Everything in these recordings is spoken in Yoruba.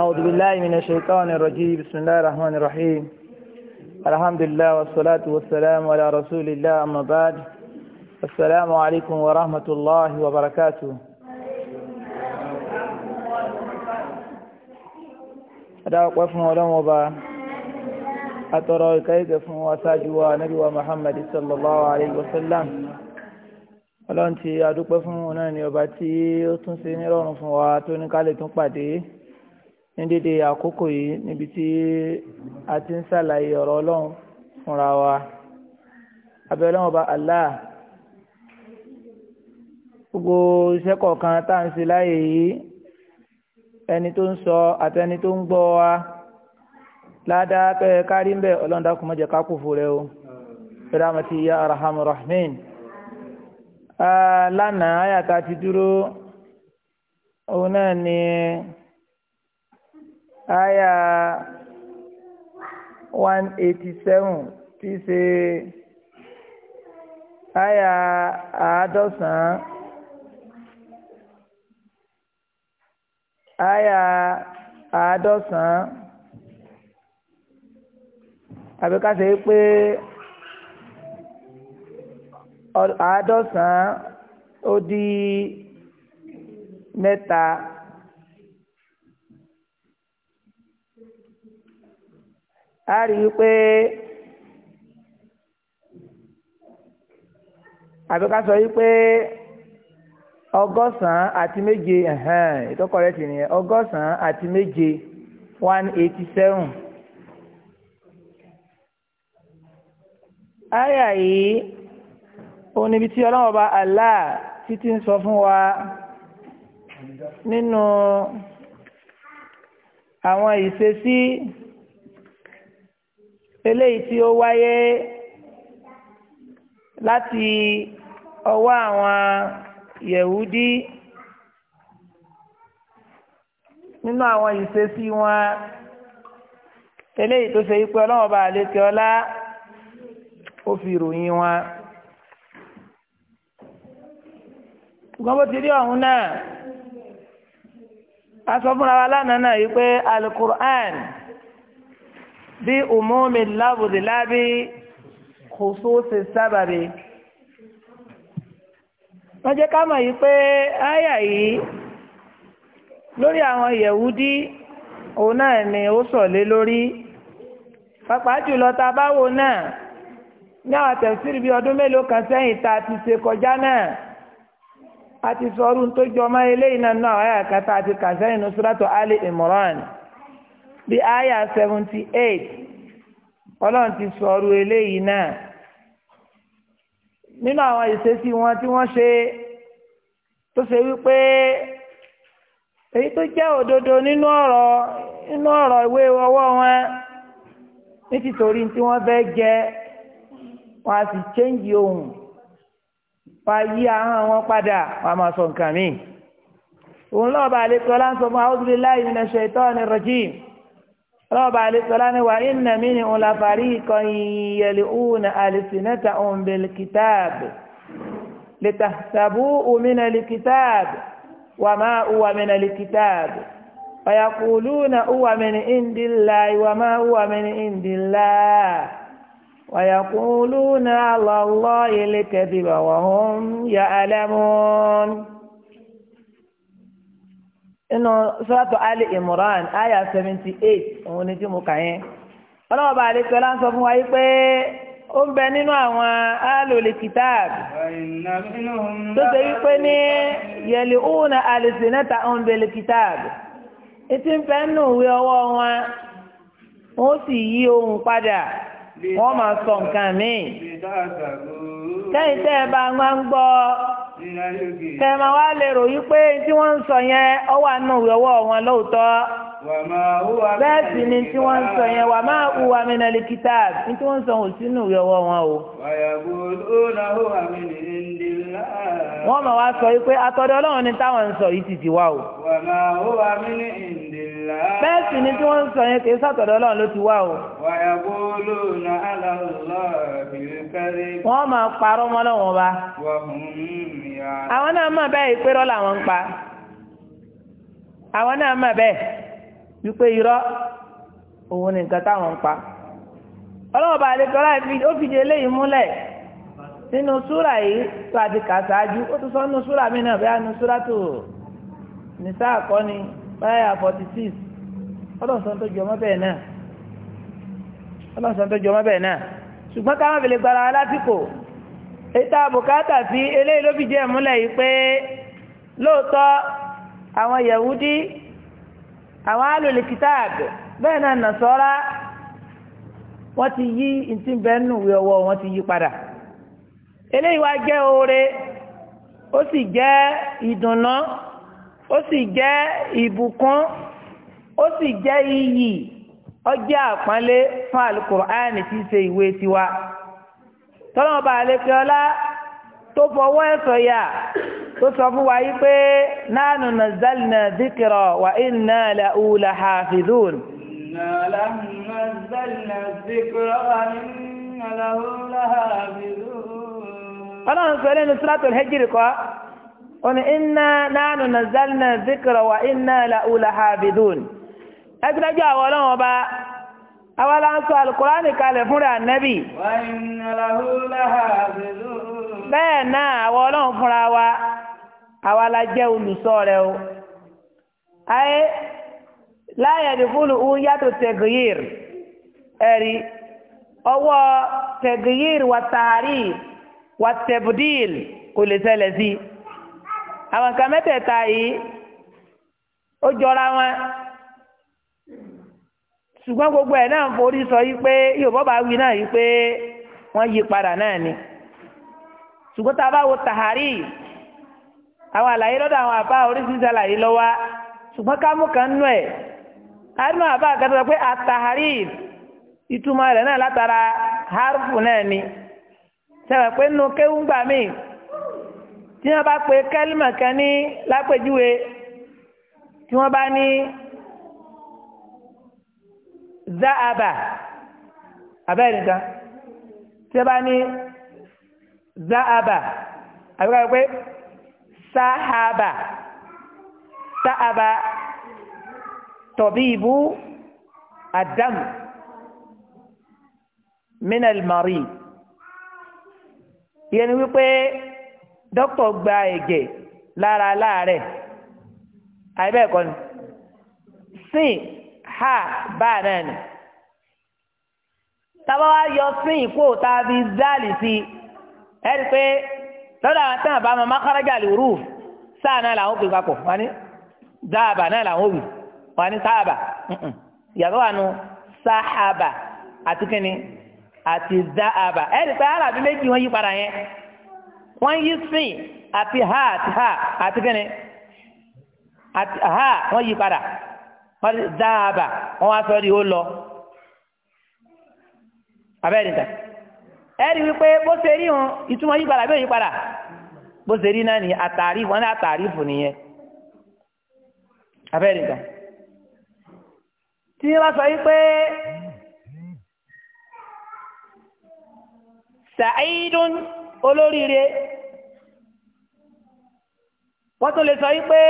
أعوذ بالله من الشيطان الرجيم بسم الله الرحمن الرحيم الحمد لله والصلاة والسلام على رسول الله أما بعد السلام عليكم ورحمة الله وبركاته أدعوك وفم ولم وبا أترى كيف وساجوا نبي محمد صلى الله عليه وسلم ọlọ́run ti adúpẹ́ fún òun náà ni ọba tí ó tún ṣe nírọ̀rùn fún wa tó ní ká lè pàdé ní dédé àkókò yìí níbi tí a ti ń ṣàlàyé ọ̀rọ̀ ọlọ́run fúnra wa abẹ́ ọlọ́run ọba Allah gbogbo iṣẹ́ kọ̀ọ̀kan tá à ń ṣe láàyè yìí ẹni tó ń sọ àtẹni tó ń gbọ́ wa ládàá pé kárí ń bẹ ọlọ́run dákun má ká kú fún rẹ o rahmatu ya arhamur rahimin ah, lánàá àyàtà ti dúró òun náà ni aya one eighty seven tí ṣe aya àádọ́sàn-án aya àádọ́sàn-án àbí ká ṣe pé àádọ́sàn-án ó di mẹ́ta. a rí i pé àbí ká sọ wípé ọgọ́sàn-án àti méje ìtọ́kọ̀ rẹ̀ ti nìyẹn ọgọ́sàn-án àti méje one eighty seven. àyà yìí ó níbi tí ọlọ́run ọba Allah títí ń sọ fún wa nínú àwọn ìṣesí. eléyìí tí ó wáyé láti ọwọ́ àwọn yẹ̀wúdí nínú àwọn ìṣesí wọn eléyìí tó ṣe wípé ọlọ́run bá àlékè ọlá ó fi ròyìn wọn. ṣùgbọ́n bó ti rí ọ̀hún náà a sọ fúnra wa lánàá náà yìí pé alukur'an. bí umumi lábùdì lábí khususi sábàbí. wọ́n jẹ́ ká mọ̀ yìí pé áyà yìí lórí àwọn yẹ̀wúdí òun náà ni ó sọ̀lé lórí pàápàá jùlọ tá a bá wo náà ní àwọn tẹ̀síìrì bíi ọdún mélòó kan sẹ́yìn tá a ti ṣe kọjá náà a ti sọ ọdún tó jọ ọmọ eléyìí náà náà àyàkátà àti kà sẹ́yìn nusratu Ali Imran bí àyà seventy eight ọlọ́run ti sọ̀rọ̀ eléyìí náà nínú àwọn ìṣesí wọn tí wọ́n ṣe tó ṣe wípé èyí tó jẹ́ òdodo nínú ọ̀rọ̀ nínú ọ̀rọ̀ ìwé ọwọ́ wọn ní tìtorí tí wọ́n fẹ́ jẹ wọn a sì chẹ́ǹgì ohùn wọn a yí ahọ́n wọn padà wọn a máa sọ nǹkan míì òun lọ́ọ̀bà àlekọ́ láǹsọ̀ fún a'udhu billahi minash shaitani rajim rọ́ọ̀bà àlesọ́lá ni wà iná mi ni òun la fàrí ìkan ìyẹ̀lẹ̀ òun àlesìnẹ́ta òun bẹ̀lẹ̀ kìtáàbì lẹ́tà tàbú òmìnà lè kìtáàbì wà máa òwà mìnà lè kìtáàbì ọ̀yàkùlù na òwà mìnà ìndìlá ìwà máa ìndìlá ọ̀yàkùlù àlọ́lọ́ ilé kẹ́bí bàwọ̀ hàn yà á lẹ́mọ́ọ́nù. inú suratu ali imran aya seventy eight òun ni tí mo kà yẹn ọlọ́wọ́ bá àlejò ọlá ń sọ fún wa yìí pé ó ń bẹ nínú àwọn alòlè kìtáàbì tó ṣe wípé ní yẹlẹ òun àlèsè ń bẹlẹ etí ń bẹ nínú ọwọ́ wọn wọn sì ohun padà wọn máa sọ nǹkan míì kẹmà wá lè ròyìn pé tí wọ́n ń sọ yẹn ọ wà nù ìrọwọ́ wọn lóòótọ́ bẹ́ẹ̀ sì ni tí wọ́n ń sọ yẹn wà máa hu amínàlì kìtà ní tí wọ́n ń sọ wọn sí nù ìrọwọ́ wọn o. wọ́n mọ̀ wa sọ yìí pé atọ́dọ̀ ọlọ́run ni táwọn ń sọ yìí ti ti wá o. wà máa hu amínàlì bẹ́ẹ̀ sì ni tí wọ́n ń sọ yẹn kì í sàtọ̀dọ̀ ọlọ́run ló ti wá o. wọ́n máa parọ́ mọ́ lọ́wọ́n ba. àwọn náà mọ̀ bẹ́ẹ̀ ìpérọ́ làwọn ń pa. àwọn náà mọ̀ bẹ́ẹ̀ wípé irọ́ òun ni nǹkan táwọn ń pa. ọlọ́wọ́n bá àlejò láì ó fi di eléyìí múlẹ̀ nínú súrà yìí tó àti kà sáájú ó tún sọ nínú súrà mí náà bẹ́ẹ̀ nínú súrà tó nìsáà 46. forty ṣùgbọ́n káwọn fèlè gbara alátìkò ètò àbùkátà sí eléyìí ló fi jẹ́ yìí pé lóòótọ́ àwọn yahudi àwọn bẹ́ẹ̀ náà nàṣọ́ra ti yí ntí bẹ́ẹ̀ wọ́n ti yí padà eléyìí wá jẹ́ oore ó sì jẹ́ ìdùnnú. ó sì jẹ́ ìbùkún ó sì jẹ́ iyì ó jẹ́ àpọ́nlé fún alukur'ani tí í ṣe ìwé tiwa tọ́lọ́mọba àlekè ọlá tó fọwọ́ ẹ̀sọ̀ yà tó sọ fún wa yí pé nánú nàzàlìnà dìkìrọ̀ wà iná ilẹ̀ ula hafidun. ọlọ́run sọ lẹ́nu suratul hijri kọ́ ó ní inna nanu nazalna zikra wa inna lahu lahafidun ẹgbẹ́jọ́ àwọn ọlọ́run ọba àwa la ń sọ alukurani kalẹ̀ fúnra nẹ́bì wa inna lahu lahafidun bẹ́ẹ̀ náà àwọn ọlọ́run fúnra wa àwa la jẹ́ rẹ̀ o ayé láyé dìfúlù ń yàtọ̀ tẹ̀gìyìr ẹ̀rí ọwọ́ tẹ̀gìyìr wà tààrí wà tẹ̀bùdìl kò lè ṣẹlẹ̀ sí i àwọn nǹkan mẹ́tẹ̀ẹ̀ta yìí ó jọra wọn ṣùgbọ́n gbogbo ẹ̀ náà forí sọ yìí pé Yorùbá bá wí náà yìí pé wọ́n yí padà náà ni ṣùgbọ́n tá a bá wo tàhárì àwọn àlàyé lọ́dọ̀ àwọn àbá oríṣiríṣi àlàyé lọ́wọ́ ṣùgbọ́n ká mú kan nú ẹ̀ a nú àbá kan sọ pé àtàhárì ìtumọ̀ rẹ̀ náà látara hárùfù náà ni ṣẹ̀wọ̀n pé nù kéwù gbà míì tí wọ́n bá pe kẹ́límà kan ní lápèjúwe tí wọ́n bá ní zaaba abẹ́rẹ́ nìkan tí wọ́n bá ní zaaba àbíká pé sahaba sahaba tọ̀bíìbù adam minal mari yẹn ni wípé dókítà gba ẹ̀jẹ̀ lára láàárẹ̀ àìbẹ́ẹ̀ kọ́ ni sin ha báà náà ni tábà wá yọ sin ìkó tàbí záàlì sí ẹ rí i pé lọ́dọ̀ àwọn tán àbámọ́ mákàrájà lè rú sáà náà làwọn òbí papọ̀ wọn ni záàbà náà làwọn òbí wọn ni sáàbà ìyàtọ̀ wà nù àti kínní àti záàbà ẹ rí i méjì wọn yí padà yẹn. wọ́n yí sin àti ha àti ha àti kíni àti ha wọ́n yí padà wọ́n ti dáàbà wọ́n wá sọ di ó lọ abẹ́rẹ́ nìkan ẹ̀rí wípé bó ṣe rí wọn ìtumọ̀ yí padà bí ó yí padà bó ṣe rí náà ní àtàrí wọn ní àtàrí fún nìyẹn abẹ́rẹ́ tí wọ́n sọ wípé. سعيد olóríire wọ́n tún lè sọ yí pé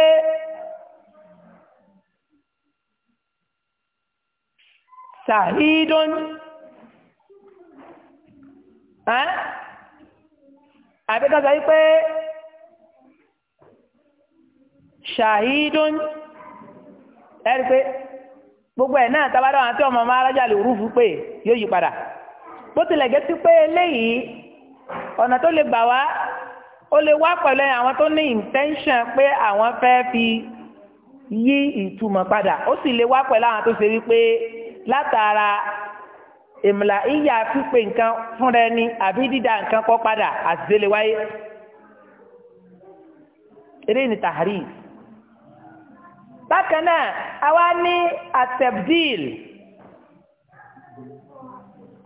sàhídọ́n àbíkọ́ sọ yí pé ṣàhídọ́n ẹ̀rí pé gbogbo ẹ̀ náà tábàdàn àti ọmọ ọmọ arájà lè rúfu pé yóò yí padà bó tilẹ̀ jẹ́ sí pé eléyìí ọ̀nà tó lè gbà wá ó lè wá pẹ̀lú àwọn tó ní intention pé àwọn fẹ́ fi yí ìtumọ̀ padà ó sì lè wá pẹ̀lú àwọn tó ṣe wípé látara ìmùlà ìyá pípé nǹkan fúnra ẹni àbí dídá nǹkan kọ́ padà àti wáyé eré ní tàhárì bákan náà àwa ní àtẹ̀bdìl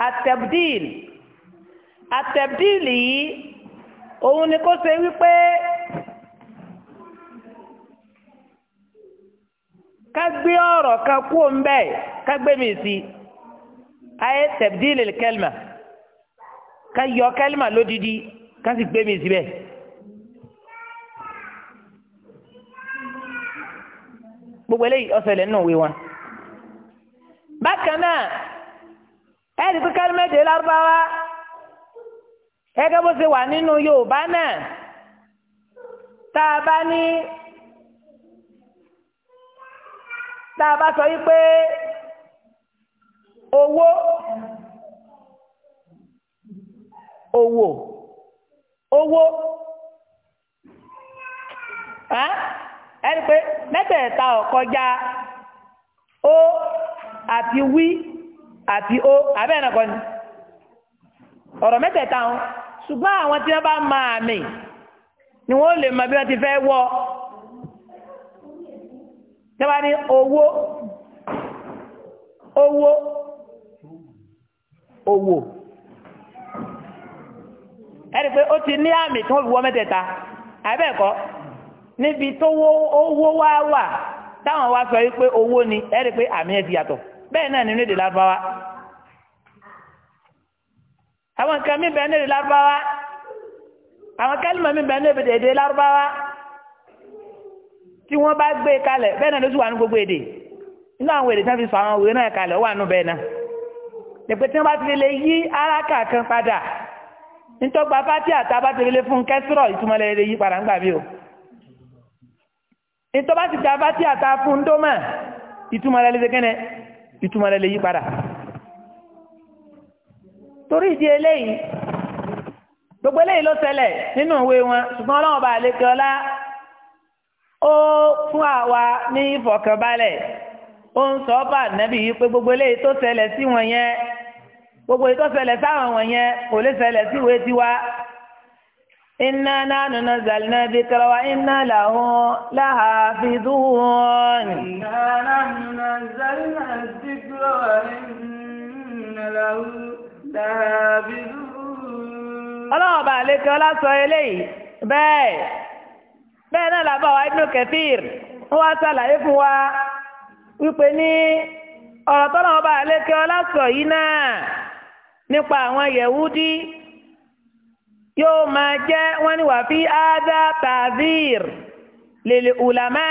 àtẹ̀bdìl àtẹ̀bdíìlì yìí òun ni kó ṣe wípé ká gbé ọ̀rọ̀ kan kú òun bẹ́ẹ̀ ká gbé mi sí ayé tẹ̀bdíìlì kẹlìmà ká yọ kẹlìmà lódìdí ká sì gbé mi síbẹ̀. gbogbo eléyìí ọ̀sẹ̀lẹ̀ nínú ìwé wọn. bákan náà ẹ̀ẹ́dì pé kẹlìmà èdè lárúbáwá gẹ́gẹ́ bó ṣe wà nínú Yorùbá náà tá a bá ní tá a bá sọ yí pé owó owó owó ẹni pé mẹ́tẹ̀ẹ̀ta ọ̀kọjá ó àti wí àti ó abẹ́ẹ̀nà kan ọ̀rọ̀ mẹ́tẹ̀ẹ̀ta ọ̀hún ṣùgbọ́n àwọn tí wọ́n bá mọ àmì ni wọ́n lè mọ bí wọ́n ti fẹ́ wọ́ tẹ́wá ní owó owó owó ẹni pé ó ti ní àmì tí wọ́n fi wọ́ mẹ́tẹ̀ẹ̀ta àbẹ́ẹ̀kọ́ níbi tó owó wá wà táwọn wá sọ wípé owó ni ẹni pé àmì ẹ̀ ti yàtọ̀ bẹ́ẹ̀ náà nínú èdè lárúbáwá àwọn nǹkan mi bẹ̀rẹ̀ níbi lárúbáwá àwọn kẹ́lìmọ̀ mi bẹ̀rẹ̀ níbi èdè lárúbáwá tí wọ́n bá gbé kalẹ̀ bẹ́ẹ̀ náà ló sì wà ní gbogbo èdè nínú àwọn èdè tí wọ́n fi sọ àwọn òwe náà kalẹ̀ ó wà nù bẹ́ẹ̀ náà lẹ́pẹ́ tí wọ́n bá ti lè yí aráka kan padà nítọ́gba fati àtà bá ti lè fún kẹ́sírọ̀ ìtumọ̀ lè lè yí padà ńgbà mí o nítọ́ bá àtà fún dómà ìtumọ̀ lè lè yí padà torí ìdí eléyìí gbogbo eléyìí ló ṣẹlẹ̀ nínú ìwé wọn ṣùgbọ́n ọlọ́run ọba àlejò ọlá ó fún àwa ní ìfọ̀kànbalẹ̀ ó ń sọ ọ́bà nẹ́bí yìí pé gbogbo eléyìí tó ṣẹlẹ̀ sí wọn yẹn gbogbo èyí tó ṣẹlẹ̀ sáwọn wọn yẹn kò lè ṣẹlẹ̀ sí ìwé tiwa iná nánú na zàlínà bí kẹrọwà iná làwọn láhàfíìdùn. iná nánú na zàlínà bí kẹrọwà iná làwọn. ọlọ́wọ́ bá lékè ọlá sọ eléyìí bẹ́ẹ̀ bẹ́ẹ̀ náà làbá wa Ibn Kathir wọ́n wá sàlàyé fún wa wípé ní ọ̀rọ̀ tọ́lọ́wọ́ bá sọ yìí náà nípa àwọn Yẹ̀wúdí yóò máa jẹ́ wọ́n ni wà fi ádá tàzír lèlè ùlàmá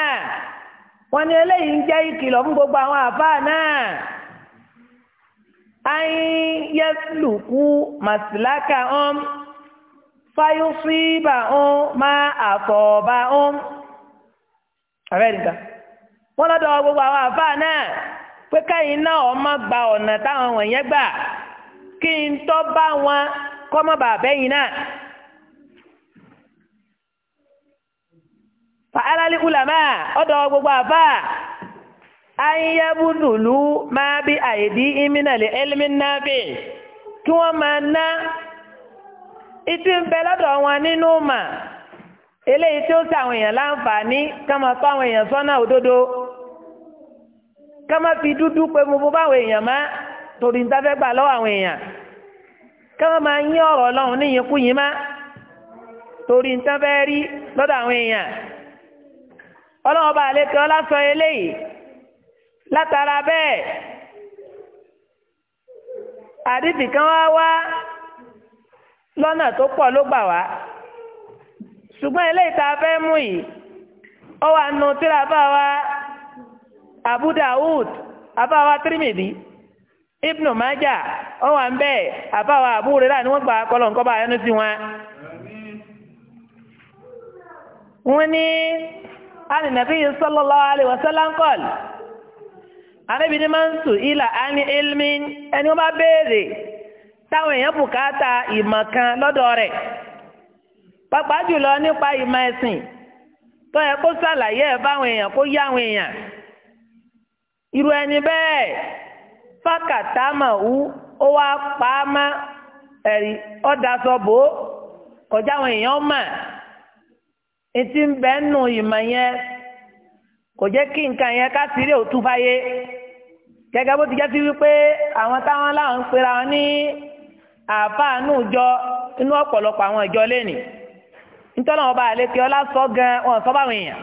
wọ́n ní eléyìí ń jẹ́ ìkìlọ̀ fún gbogbo àwọn àfáà náà. ayin yasluku masilaka um fayusiba um ma afọba um. Amẹ́ríkà wọ́n lọ́dọ̀ gbogbo àwọn àfáà náà pé káyìn náà ọmọ gba ọ̀nà táwọn wọ̀nyẹn gbà kí n tọ́ bá wọn kọ́ mọ́ bàbá yìí náà. Fa'alali ulama ọ̀dọ̀ gbogbo àfáà. an yabudulu máa bí àìdí ìmínàlẹ̀ elminafi kí wọ́n máa ná lọ́dọ̀ wọn nínú mà eléyìí tí ó ń èèyàn láǹfààní ká máa àwọn èèyàn sọ́nà òdodo ká fi dúdú pé mo bó èèyàn má torí gbà lọ́wọ́ àwọn èèyàn ká máa ọ̀rọ̀ ọlọ́run má torí látara bẹ́ẹ̀ àdìsí kan wá wá lọ́nà tó pọ̀ ló gbà wá ṣùgbọ́n eléyìí tá a fẹ́ mú yìí ó wà nù tíra bá wa Abu Dawud àbá wa Tirmidhi Ibnu Majah ó wà ń bẹ́ẹ̀ àbá wa Abu Hurairah ni wọ́n gbà kọ́lọ̀ ńkọ́ bá yẹnu sí wọn. wọ́n ní alìnàbí sallallahu alaihi wasallam anábì máa ń sùn ilà á ilmi ẹni wọ́n bá béèrè táwọn èèyàn bùkátà ìmọ̀ kan lọ́dọ̀ rẹ̀ pàápàá jùlọ nípa ìmọ̀ ẹ̀sìn tó yẹ kó sàlàyé ẹ̀ fáwọn èèyàn kó yá àwọn èèyàn irú ẹni bẹ́ẹ̀ fákàtàmà wú ó wá pa á ẹ̀rí ọ̀dàsọ bò ó kọjá àwọn èèyàn etí ń bẹ́ẹ̀ nù ìmọ̀ kò jẹ́ kí nǹkan yẹn ká sí ilé òtún fáyé gẹ́gẹ́ bó ti jẹ́ sí wípé àwọn táwọn láwọn ń pera wọn ní àfáànù jọ inú ọ̀pọ̀lọpọ̀ àwọn ìjọ lẹ́nìí nítorí wọn bá àlẹ́ kí ọlá sọ gan wọn sọ báwọn èèyàn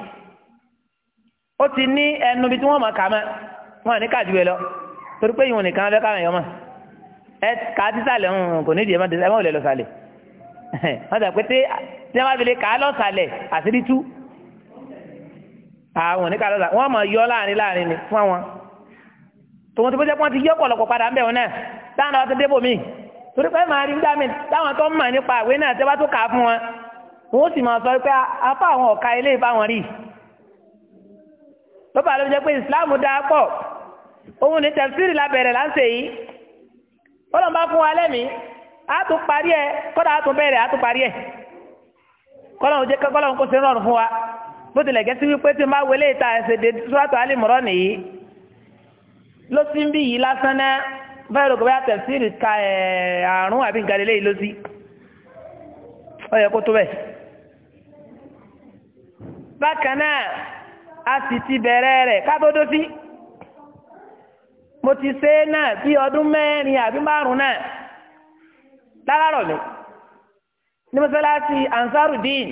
ó ti ní ẹnu bí tí wọ́n mọ̀ kà mọ́ wọn ní kàdú lọ torí pé ìwọ̀n nìkan lọ́ọ́ káwọn èèyàn mọ̀ ẹ kà á sísàlẹ̀ ń kò nídìí ẹ má ò lè lọ sàlẹ̀ wọ́n sọ pé tí wọ́n bá fi lè kà á lọ sàlẹ̀ àṣírí tú àwọn oníkà lọ́la wọ́n mọ̀ láàrin láàrin ni fún àwọn tòun ti bó jẹ́ ti yọ pọ̀lọpọ̀ padà ń náà táwọn náà ti débò míì torí pé màá rí gbá mi táwọn tó ń mọ̀ nípa ìwé náà tẹ́ bá tó kà á fún wọn wọ́n sì sọ pé àwọn ọ̀ka ilé ìfáwọn rí tó bá ló jẹ́ pé ìsìláàmù dáa pọ̀ òun ní tẹ̀síìrì lábẹ̀rẹ̀ yìí fún wa bó tilẹ̀ jẹ́ sí wípé tí n bá wọlé ìta ẹsẹ̀ dé sọ́tò alìmọ́rọ́ nìyí ló sí ń bí yìí lásán náà báyìí lóko bá tẹ̀síìrì ka ẹ̀ àrùn àbí nǹkan lélẹ́yìí ló sí ó yẹ kó tó bẹ̀. bákan náà a sì ti bẹ̀rẹ̀ rẹ̀ ká tó dó sí mo ti ṣe é náà bí ọdún mẹ́rin àbí márùn náà láràárọ̀ mi ní mọ́sálásí ansarudin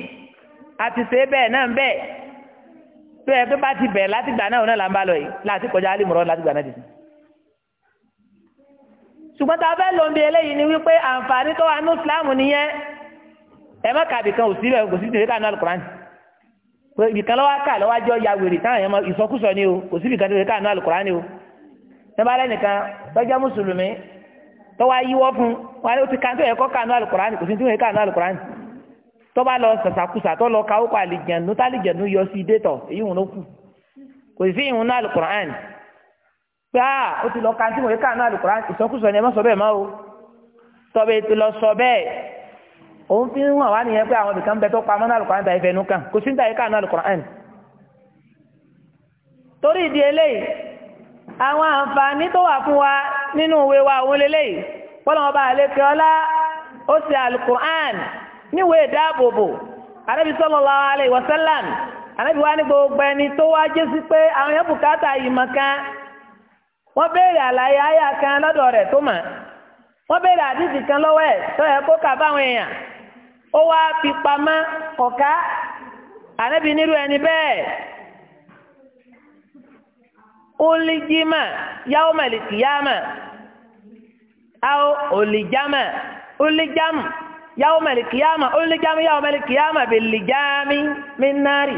àti ṣe bẹ́ẹ̀ náà bẹ́ẹ̀ tó yẹ pé bá ti bẹ̀rẹ̀ láti gbà náà náà là ń bá lọ yìí láti kọjá alimọ̀rọ̀ láti gbà náà ti sùn. ṣùgbọ́n tá a fẹ́ lòun bí eléyìí ni wípé àǹfààní tó wà ní ìsìláàmù nìyẹn ẹ má kàbì kan òsì rẹ kò sí tèmi alukuran ibì kan lọ́wọ́ kà lọ́wọ́ ajọ́ ya wèrè táwọn èèyàn ìsọkúsọ ni o kò sí ibì kan tèmi kànú alukuran ni o níbalẹ̀ nìkan tọ́jà mùsùlùmí tọ́wọ́ ayíwọ́ fún wọn ó ti kàntó ẹ̀kọ́ kànú alukuran kò sí tèmi alukuran tọ́ba lọ sàṣàkùsà tọ́ lọ káwọ́ pa àlìjẹ̀nu tálìjẹ̀nu yọ sí détọ̀ èyí wọn ló kù kò sí ìhun náà alukur'an pé a ah, ó ti lọ ka mo yẹ ká náà alukur'an ìsọkúsọ ni ẹ má sọ bẹ́ẹ̀ má o tọ́ba ètò lọ sọ bẹ́ẹ̀ òun fi ń hàn wá nìyẹn pé àwọn ibìkan bẹ tó pamọ́ náà alukur'an tàyè fẹ́ẹ́ nù kàn kò sí ní tàyè ká náà alukur'an torí ìdí eléyìí àwọn àǹfààní tó wà fún wa nínú ìwé wa òun lélẹ́yìí pọ́lọ́mọba àlekè ọlá ó ti alukur'an níwèé dáàbòbò anábì sallallahu alaihi wasallam anábì wá ní gbogbo ẹni tó wá jẹ́ sí pé àwọn yẹn bùkátà ìmọ̀ wọ́n béèrè àlàyé àyà kan lọ́dọ̀ rẹ̀ tó mọ̀ wọ́n béèrè àdìsí kan lọ́wọ́ ẹ̀ tó yẹ kó kà báwọn èèyàn ó wá fi pamọ́ ọ̀ká yawma al-qiyamah ó lè jámi yawma al-qiyamah bèlè jámi min nari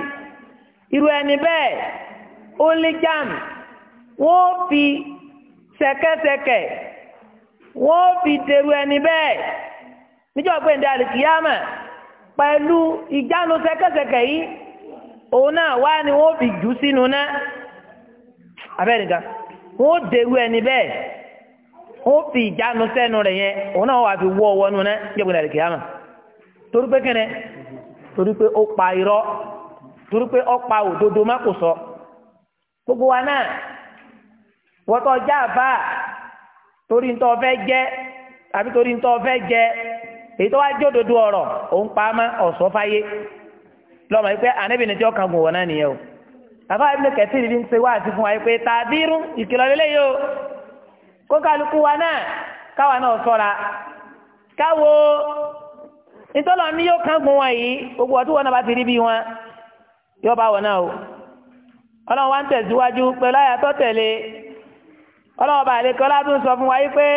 irú ẹni bẹ́ẹ̀ ó lè jámi wọ́n fi sẹ̀kẹ̀sẹ̀kẹ̀ wọ́n fi dèrú ẹni bẹ́ẹ̀ níjọ́ pé ní alìkìyàmà pẹ̀lú ìjánu sẹ́kẹ̀sẹ̀kẹ̀ yìí òun náà wá ni wọ́n fi jù sínú náà abẹ́rẹ́ nìkan wọ́n dèrú ẹni bẹ́ẹ̀. ó fi ìjánu sẹ́nu rẹ̀ yẹn òun náà wà fi wọ́ ọwọ́ nu náà jẹ́gun dàrí kìámà torí pé kẹ́nẹ́ torí pé ó pa irọ́ torí pé ó pa òdodo má gbogbo wa náà wọ́tọ̀ já bá torí ń tọ́ fẹ́ jẹ́ àbí torí ń tọ́ fẹ́ jẹ́ èyí tó wá jẹ́ òdodo ọ̀rọ̀ òun pa á má ọ̀sọ́ fáyé lọ́mọ tí ó kan gùn wọ̀ náà nìyẹn o kó kálukú wa náà káwa náà sọ́ra káwo nítọ́lọ́ ní yóò kángun wọn yìí gbogbo ọtí wọn náà bá ti rí bí wọn yóò bá wọn náà o ọlọ́run wa ń tẹ̀síwájú pẹ̀lú àyàtọ̀ tẹ̀lé ọlọ́run bá lè kọ́lá tó ń sọ fún wa yìí pé.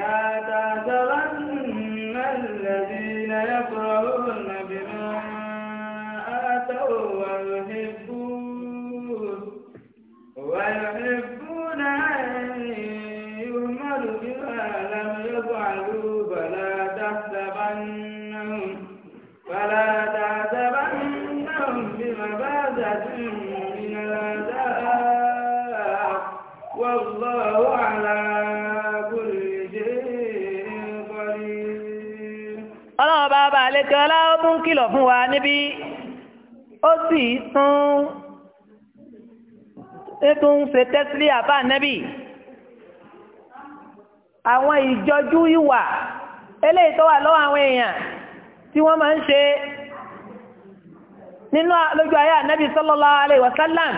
yàtọ̀ àjọ láti mú un náà lè rí náírà kìlọ̀ fún wa níbí ó sì tún tún ṣe tẹ́sílì àbá nẹ́bì àwọn ìjọjú ìwà eléyìí tó wà lọ́wọ́ àwọn èèyàn tí wọ́n máa ń ṣe nínú lójú ayé ànábì sallallahu alaihi wasallam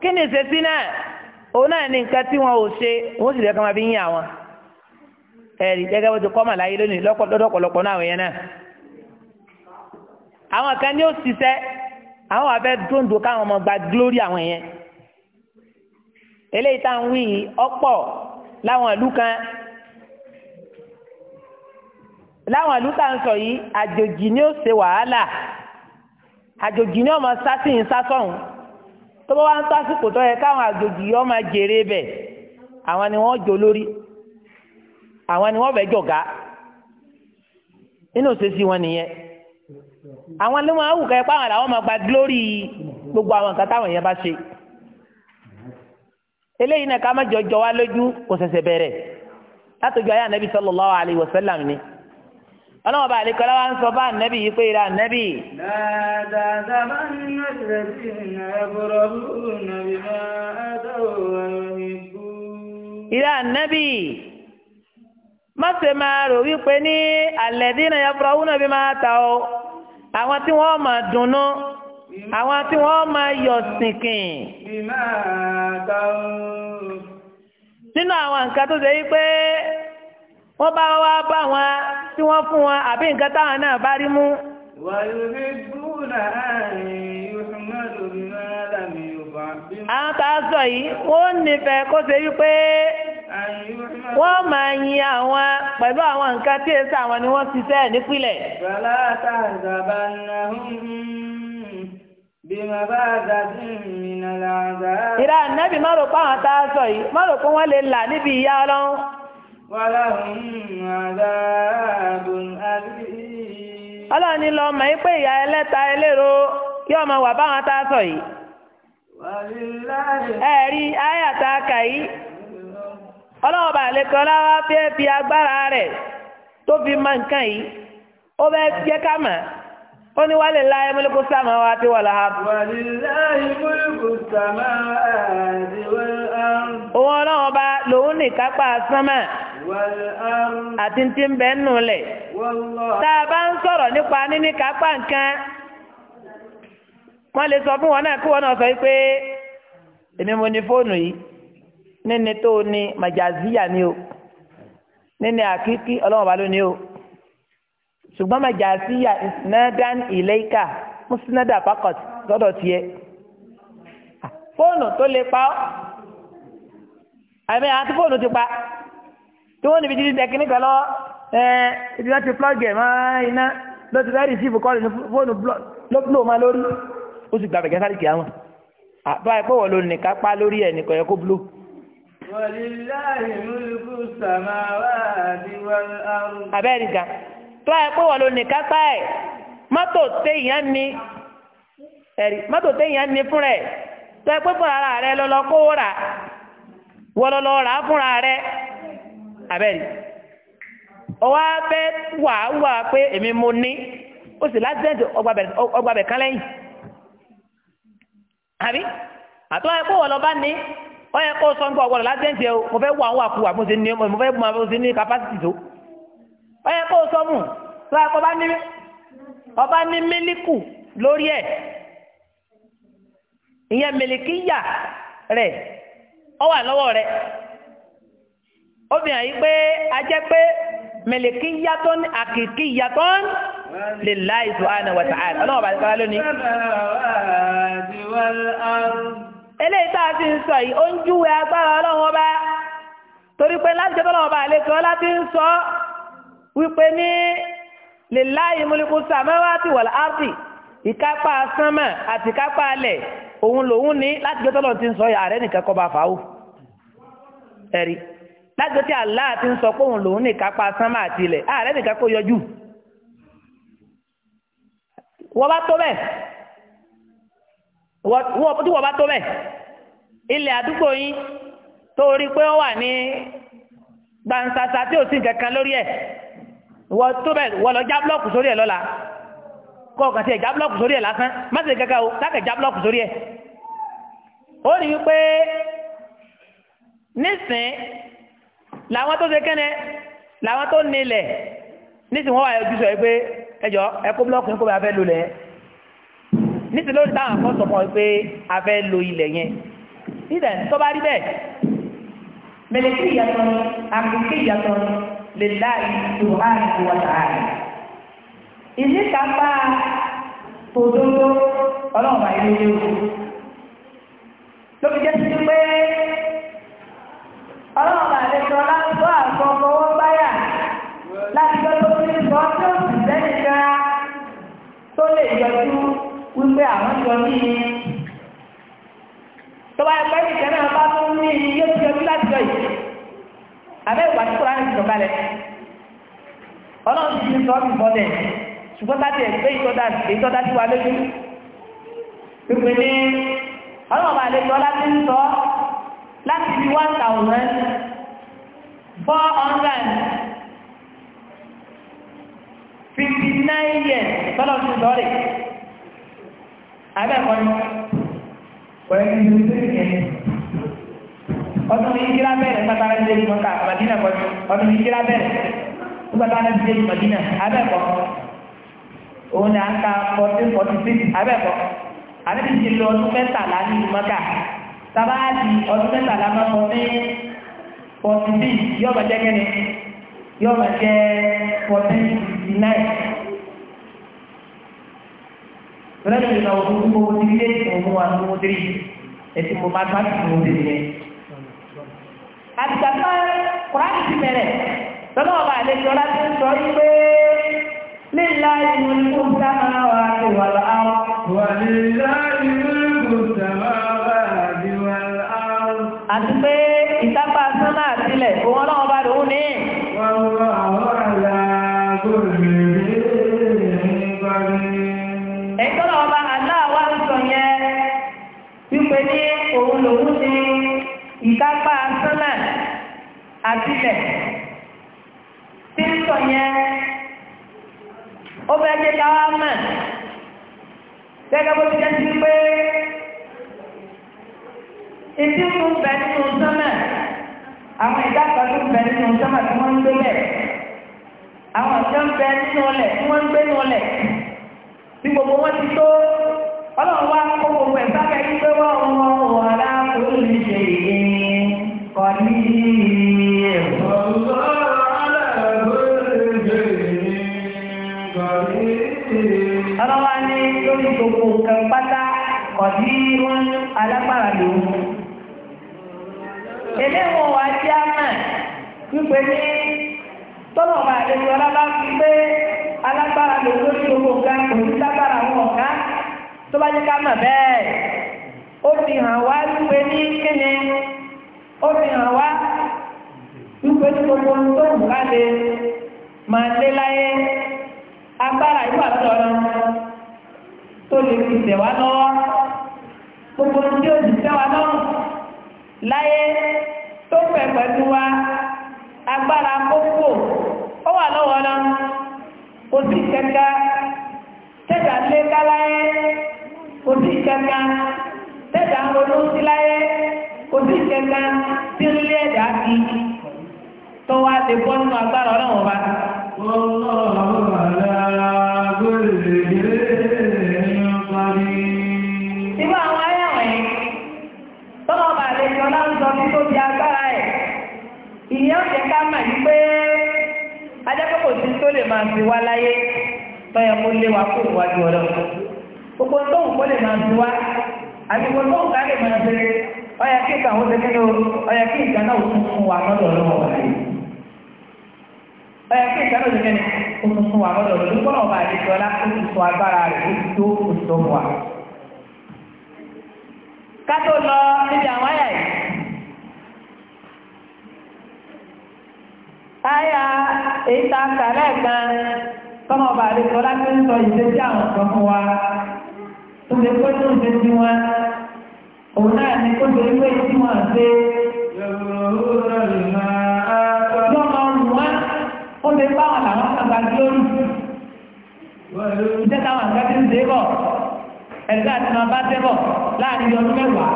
kí ni ìṣesí náà òun náà ní nǹkan tí wọn ò ṣe òun sì lẹ́kọ̀ọ́ máa fi yín àwọn. ẹ̀rí gẹ́gẹ́ bó ti kọ́ mà lónìí lọ́dọ̀pọ̀lọpọ̀ náà náà. àwọn kan ní àwọn wà gba glory àwọn yẹn. eléyìí tá à ń wí yìí ọ̀pọ̀ láwọn ìlú kan láwọn ìlú tá à ń sọ yìí àjòjì wàhálà àjòjì ọmọ sásìn sásọ̀hún tó àwọn ni wọ́n fẹ́ jọ̀gá nínú òṣèṣì wọn nìyẹn àwọn ni wọ́n awùkọ ẹpá àwọn làwọn máa gba glory gbogbo àwọn nǹkan táwọn yẹn bá ṣe eléyìí náà ká má jọjọ wá lójú kò sẹsẹ bẹ̀rẹ̀ látọjú ayé ni bá wa ń sọ bá yìí pé má ṣe máa rò wípé ní alladhina yafrahuna bima ta'u àwọn tí wọ́n máa dunnú àwọn tí wọ́n máa yọ̀ sìnkìn. nínú àwọn nǹkan tó ṣe wípé wọ́n bá wá bá wọn tí wọ́n fún wọn àbí nǹkan táwọn náà bá rí mú. àwọn tá a sọ yìí wọ́n nífẹ̀ẹ́ kó ṣe wọ́n máa yin àwọn pẹ̀lú àwọn nǹkan tí èsì àwọn ni wọ́n ṣiṣẹ́ nípìnlẹ̀. bàlá tàǹdàbà náà bí mà bá dàbí mìíràn làǹdà. ìrà nẹ́bí má rò pé àwọn tá a sọ yìí má rò pé wọ́n lè là níbi ìyá ọlọ́run. wàlá òun àdàbùn àbí. ọlọ́run ni lọ́ọ́ mọ̀ pé ìyá ẹlẹ́ta ẹlẹ́rọ yóò máa wà báwọn tá a sọ yìí. wàlíláì. ẹ̀rí ayàtà kàyí ọlọ́ọ̀bà àlekọ́ láwá fẹ́ fi agbára rẹ̀ tó fi mọ nǹkan yìí ó bẹ́ jẹ́ ká mọ̀ ó ní wálé láyé múlùkù sàmà wá tí wọ́n lọ ha bù. òun ọlọ́ọ̀bà lòun nìkan pa sánmà àti ti ń bẹ́ nù lẹ̀ tá a bá ń sọ̀rọ̀ nípa níní kápá nǹkan wọ́n lè sọ fún wọn náà kí wọ́n náà sọ pé èmi mo ní fóònù yìí níní tó ní màjàzíyà ni o níní àkíkí ọlọ́wọ́n bá ló ní o ṣùgbọ́n màjàzíyà ìsìnádán ìlẹ́yìká mùsùlùmí pàkọ́t sọ́dọ̀ tiẹ̀ ah, fóònù tó lè pa ọ́ àmì àti fóònù ti pa tí wọ́n níbi títí tẹkiníkà lọ ibi wọ́n ti plọ́gì ẹ̀ mọ́ iná ló ti fẹ́ẹ́ rìsíìfù kọ́ọ̀lù ní fóònù ló blò máa lórí ó sì gbàgbẹ́ gẹ́sàrì kìá wọn àbá ah, ẹ̀pọ̀ wọ̀ lónìí ká pa lórí ẹ̀ nìkan yẹ kó blò. àbẹ́rẹ́ gan tó a yẹ pé wọ́n ló ní kápá ẹ̀ mọ́tò téèyàn ní ẹ̀rí mọ́tò téèyàn ní fúnra ẹ̀ tó a yẹ pé fúnra rẹ lọ́lọ́ kó rà wọ́n lọ́lọ́ rà fúnra rẹ àbẹ́rẹ́ ọwọ́ abẹ́ wà wà pé èmi mo ní ó sì lásìlẹ́ǹtì ọgbà bẹ̀ kán lẹ́yìn àbí àtọ́ ẹ̀kọ́ wọ̀ lọ́ba ní ó yẹ kó sọ ń gbọ́ ọ̀gbọ́dọ̀ láti ẹ̀ǹtì ẹ̀ o mo fẹ́ wà wà kú mo ṣe ní mo fẹ́ mo ṣe ní capacity tó ó yẹ kó sọ tó yẹ kó bá ní ọba ní mílíkù lórí ẹ̀ ìyẹn mílíkìyà rẹ̀ ó wà lọ́wọ́ rẹ̀ obìnrin yìí pé a pé mílíkìyà tó ní àkìkìyà tó ń lillahi subhanahu wa ta'ala ọlọ́wọ́ bá ti lónìí eléyìí tá a ti ń sọ yìí ó ń júwe agbára ọlọ́run ọba torí pé láti jẹ́ tọ́lọ́run ọba àlejò ọlá ti ń sọ wípé ní lillahi mulku samawati wal ardi ìkápá sánmà àti ìkápá alẹ̀ òun lòun ní láti jẹ́ tọ́lọ́run ti ń sọ ààrẹ nìkan kọ́ bá fàáwù ẹ̀rí láti jẹ́ tí Allah ti ń sọ pé òun lòun ní ìkápá sánmà àti ilẹ̀ ààrẹ nìkan kó yọjú wọ́n bá tó bẹ́ẹ̀ wọ́n tí wọ́n bá tó bẹ́ẹ̀ ilẹ̀ àdúgbò yín tó rí pé ó wà ní gbansasa tí ò sí nǹkan kan lórí ẹ̀ wọ́n tó bẹ̀ wọ́n lọ já búlọ́ọ̀kù sórí ẹ̀ lọ́la kọ́ ọ̀kan sí ẹ̀ já búlọ́ọ̀kù sórí ẹ̀ lásán má sì kankan o sákẹ̀ já búlọ́ọ̀kù sórí ẹ̀ ó rí i pé nísìn làwọn tó ṣe kẹ́nẹ́ làwọn tó nílẹ̀ nísìn wọ́n wà ojú sọ pé ẹjọ́ ẹkó búlọ́ọ̀kù yín kó bá fẹ́ lulẹ̀ nísìn lórí táwọn akọ́sọ̀kan pé a lo ilẹ̀ yẹn níbẹ̀ tó bá rí bẹ́ẹ̀ mẹlẹkì ìyàtọ̀ ni àkùkì ìyàtọ̀ ni lè láàyè tó há ìwà tààrí ìníkàpá tòdodo ọlọ́run bá yẹ lé o lóbi jẹ́ títí pé ọlọ́run bá lè sọ láńtọ́ àgbọ̀ fọwọ́ báyà láti gbọ́ tó fi sọ tí ó sì sẹ́yìn kan tó lè yọjú wípé àwọn jọ bí tọ́ba ẹgbẹ́ nìkan náà bá tún ní ìlú yóò ti ọdún láti lọ yìí abẹ́ ìwà tí kúránì ti sọ̀kalẹ̀ ọlọ́run ti fi sọ́ọ́ bìbọn lẹ̀ ṣùgbọ́n láti ẹgbẹ́ ìtọ́dá sí wa lójú pípé ní ọlọ́run bá lè sọ láti ń sọ láti fi one thousand four hundred fifty pẹ̀lú ìdúró yẹn ọdún ìjírá bẹ̀rẹ̀ pátánà ti lẹ́yìn mọ́ta màdínà kọ́ ọdún ìjírá bẹ̀rẹ̀ pátánà ti lẹ́yìn màdínà abẹ́kọ̀ òun ni a ń ka fourteen forty six abẹ́kọ̀ àbẹ́bí ti lọ ọdún mẹ́tàlá ní mọ́ta sábàáàdì ọdún mẹ́tàlá máa kọ ní forty six yóò máa jẹ́ kẹ́ni yóò máa jẹ́ fourteen sixty nine lọ́dọ̀ ìgbà òun tí mo ti rí lẹ́yìn òun wà ní mo ti mo máa bá ti mo ti rí yẹn. àtìgbàgbọ́ kùránì ti bẹ̀rẹ̀ lọ́dọ̀ ọba àlejò láti ń sọ yí pé lílá ìlú ìlú sáà wà ní wàlá àwọn. wà lílá ìlú ìlú sáà wà ní wàlá àwọn. àti pé ìtàpá sọ́nà àtìlẹ̀ òun ọlọ́ sílẹ̀ tí ń sọ yẹn ó fẹ́ jẹ́ káwá mọ̀ gẹ́gẹ́ bó ti jẹ́ sí pé ìdí mú bẹ nínú sọ́mà àwọn ìdá kan tó bẹ nínú sọ́mà tí wọ́n ń gbé lẹ̀ àwọn kan bẹ nínú ọlẹ̀ tí wọ́n ń gbé nínú ọlẹ̀ tí gbogbo wọn ti tó ọlọ́run wá kọ̀dí wọn alágbára lòun. eléwọ̀n wa jẹ́ àmà wípé ní tọ́lọ̀ bá àdéhùn ọlábá fi pé alágbára lòun lórí gbogbo nǹkan kò ní àwọn ọ̀gá tó bá jẹ́ ká bẹ́ẹ̀ ó hàn wá wípé ní kíni ó hàn wá wípé ní gbogbo tó wù ká lè máa lé láyé agbára tó lè fi tẹ̀wá lọ́wọ́ gbogbo tí ó ti tẹ́wá lọ́rùn láyé tó pẹ̀ pẹ̀lú wa agbára kókó ó wà lọ́wọ́ lọ kò sí kẹta tẹ́tà lé ká láyé kò sí kẹta tẹ́tà ń ronú sí láyé kò sí kẹta tí ń lé ẹ̀dá sí tó wá lè bọ́ nínú agbára ọlọ́run wa. Wọ́n lọ́wọ́ àwọn àlàgbèrè. المرسلين Ibá àwọn ayé wọ̀nyí, tọ́lọ̀ bà lè jọ láwùjọ ní tó di agbára ẹ̀. Ìyẹ́ òjẹ́ ká mà ní pé ajẹ́kọ̀kọ̀ sí tó lè máa fi wá láyé tọ́yẹ lé wa kó ìwájú ọ̀rọ̀. ó tún fún wa lọ́dọ̀ lórí kọ́ ọba àdéjọ ọlá ó ti sọ agbára rẹ̀ ó ti tó òṣìṣọ́ wa. ká tó lọ níbi àwọn àyà yìí. àyà èyí ta kàlẹ́ gan kọ́mọ ọba àdéjọ ọlá tó ń sọ ìṣesí àwọn kan fún wa tó lè kó tó ń ṣe sí wọn òun náà ni kó lè pé tí wọ́n ṣe. yọ̀rọ̀ òun rẹ̀ máa. yọ̀rọ̀ òun wá ó lè bá wọn làwọn gba gílórì iṣẹ́ táwọn àgbà ti ń dé bọ̀ ẹ̀ka àti máa bá tẹ́ bọ̀ láàrin iye ọdún mẹ́wàá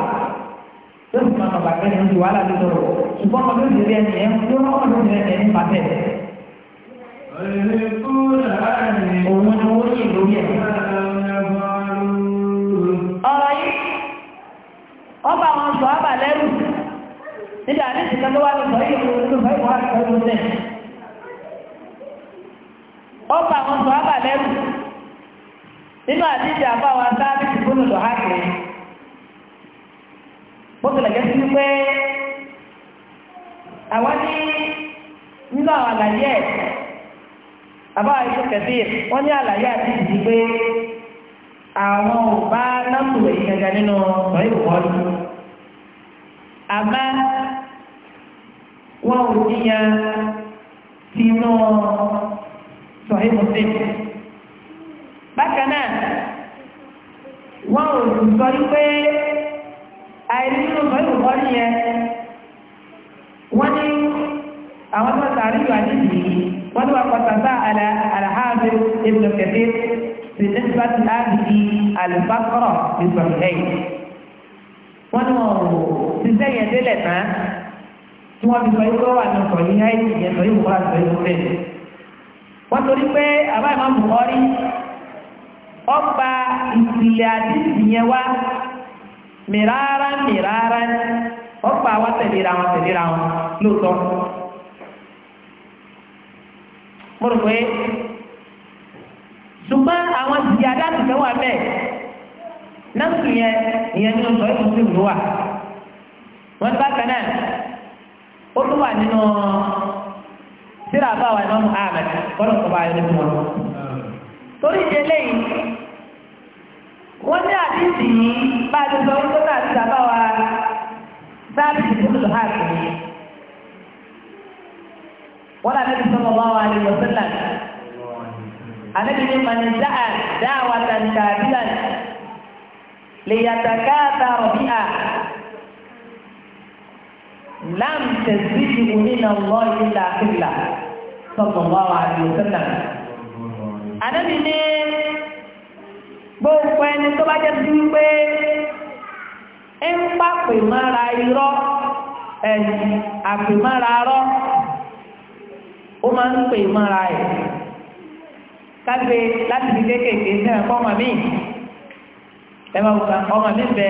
tó sì máa bàbá kẹ́ni oṣù wàhálà ló sọ̀rọ̀ ṣùgbọ́n ọmọ lóṣù rí ẹni ẹni tó rọ́pọ̀ lóṣù rí ẹni bá tẹ̀. òun ni wọ́n yè lórí ẹ̀. ọ̀rọ̀ ọba àwọn sọ ábà nínú àdíjì àbá wa ti gbónú lọ ha kiri bó tilẹ̀ jẹ́ sí wípé àwọn ní nínú àwọn àlàyé ẹ̀ àbá kẹsí wọ́n ní àlàyé àti ìdí pé àwọn ò bá lásù èyí gangan nínú ọ̀rọ̀ sọ̀hí muslim bákan náà wọ́n ò sọ wípé àìrínú sọ̀hí bùkọ́rí yẹn wọ́n ní àwọn tó sàárì yóò àdìsí wọ́n ní wà pàtàkì àlàáfẹ́ ibn Kathir sí nípa ti àdìsí àlùfákọ́rọ̀ ìsọ̀hí wọ́n ní wọn ò ti sẹ́yìn délẹ̀ tán tí wọ́n fi sọ ikú wà ní ọkọ̀ yìí láì yẹn sọ yìí wọ́n wá sọ ikú bẹ́ẹ̀ wọ́n torí pé àbá ìmọ̀ bùkọ́rí ọba ìpìlẹ̀ àdìsí yẹn wá mìràrá mìràrá ọba wa tẹ̀léra wọn tẹ̀léra wọn lóòótọ́ mo rò pé ṣùgbọ́n àwọn ti adáàtì fẹ́ wà bẹ́ẹ̀ nọ́ọ̀sì yẹn ìyẹn nínú sọ èkó sí ìlú wa wọ́n ti bá kan náà ó tún wà nínú síra bá wa ìmọ̀mù ahmed kọ́nà kọ́ bá yọrí fún wọn. torí ìdí eléyìí wọ́n ní àdíjì yìí bá a ti sọ wípé náà ti sábà wa sáàbì ìdúró ha sí i. wọ́n náà níbi sọ́mọ́ bá wa ní wọ́sílà àníbi ní màníjà dáhà wàtàǹkà bílà lè yàtàkà àtàrọ̀ bíhà. لم تزيده من الله إلا قلة صلى الله عليه وسلم Ànábì ní gbogbo ẹni tó bá jẹ́ sí wípé ń pàpè mára irọ́ ẹ̀yìn àpè mára rọ́ ó máa ń pè mára ẹ̀ kágbé láti fi kéékèèké sí ẹ̀kọ́ ọmọ mi ẹ̀ máa wùkà ọmọ mi bẹ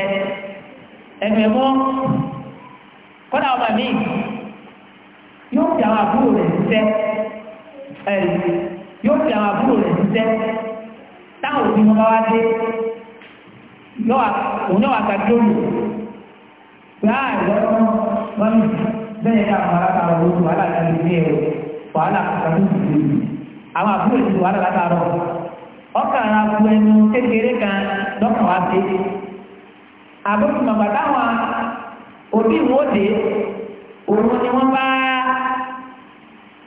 ẹ̀mẹ̀mọ́ kọ́dà ọmọ mi yóò fi àwọn àbúrò rẹ̀ ṣiṣẹ́ yóò fi àwọn àbúrò rẹ̀ ṣiṣẹ́ táwọn òbí wọn bá wá dé òun náà wà ká wọn ní bẹ́ẹ̀ ní àwọn aláta ọ̀rọ̀ oṣù wàhálà ilé ẹ̀rọ wàhálà àwọn àbúrò wàhálà ọkàn ara ẹnu kékeré kan lọ́kàn wá òbí wọn dé òun ni wọ́n bá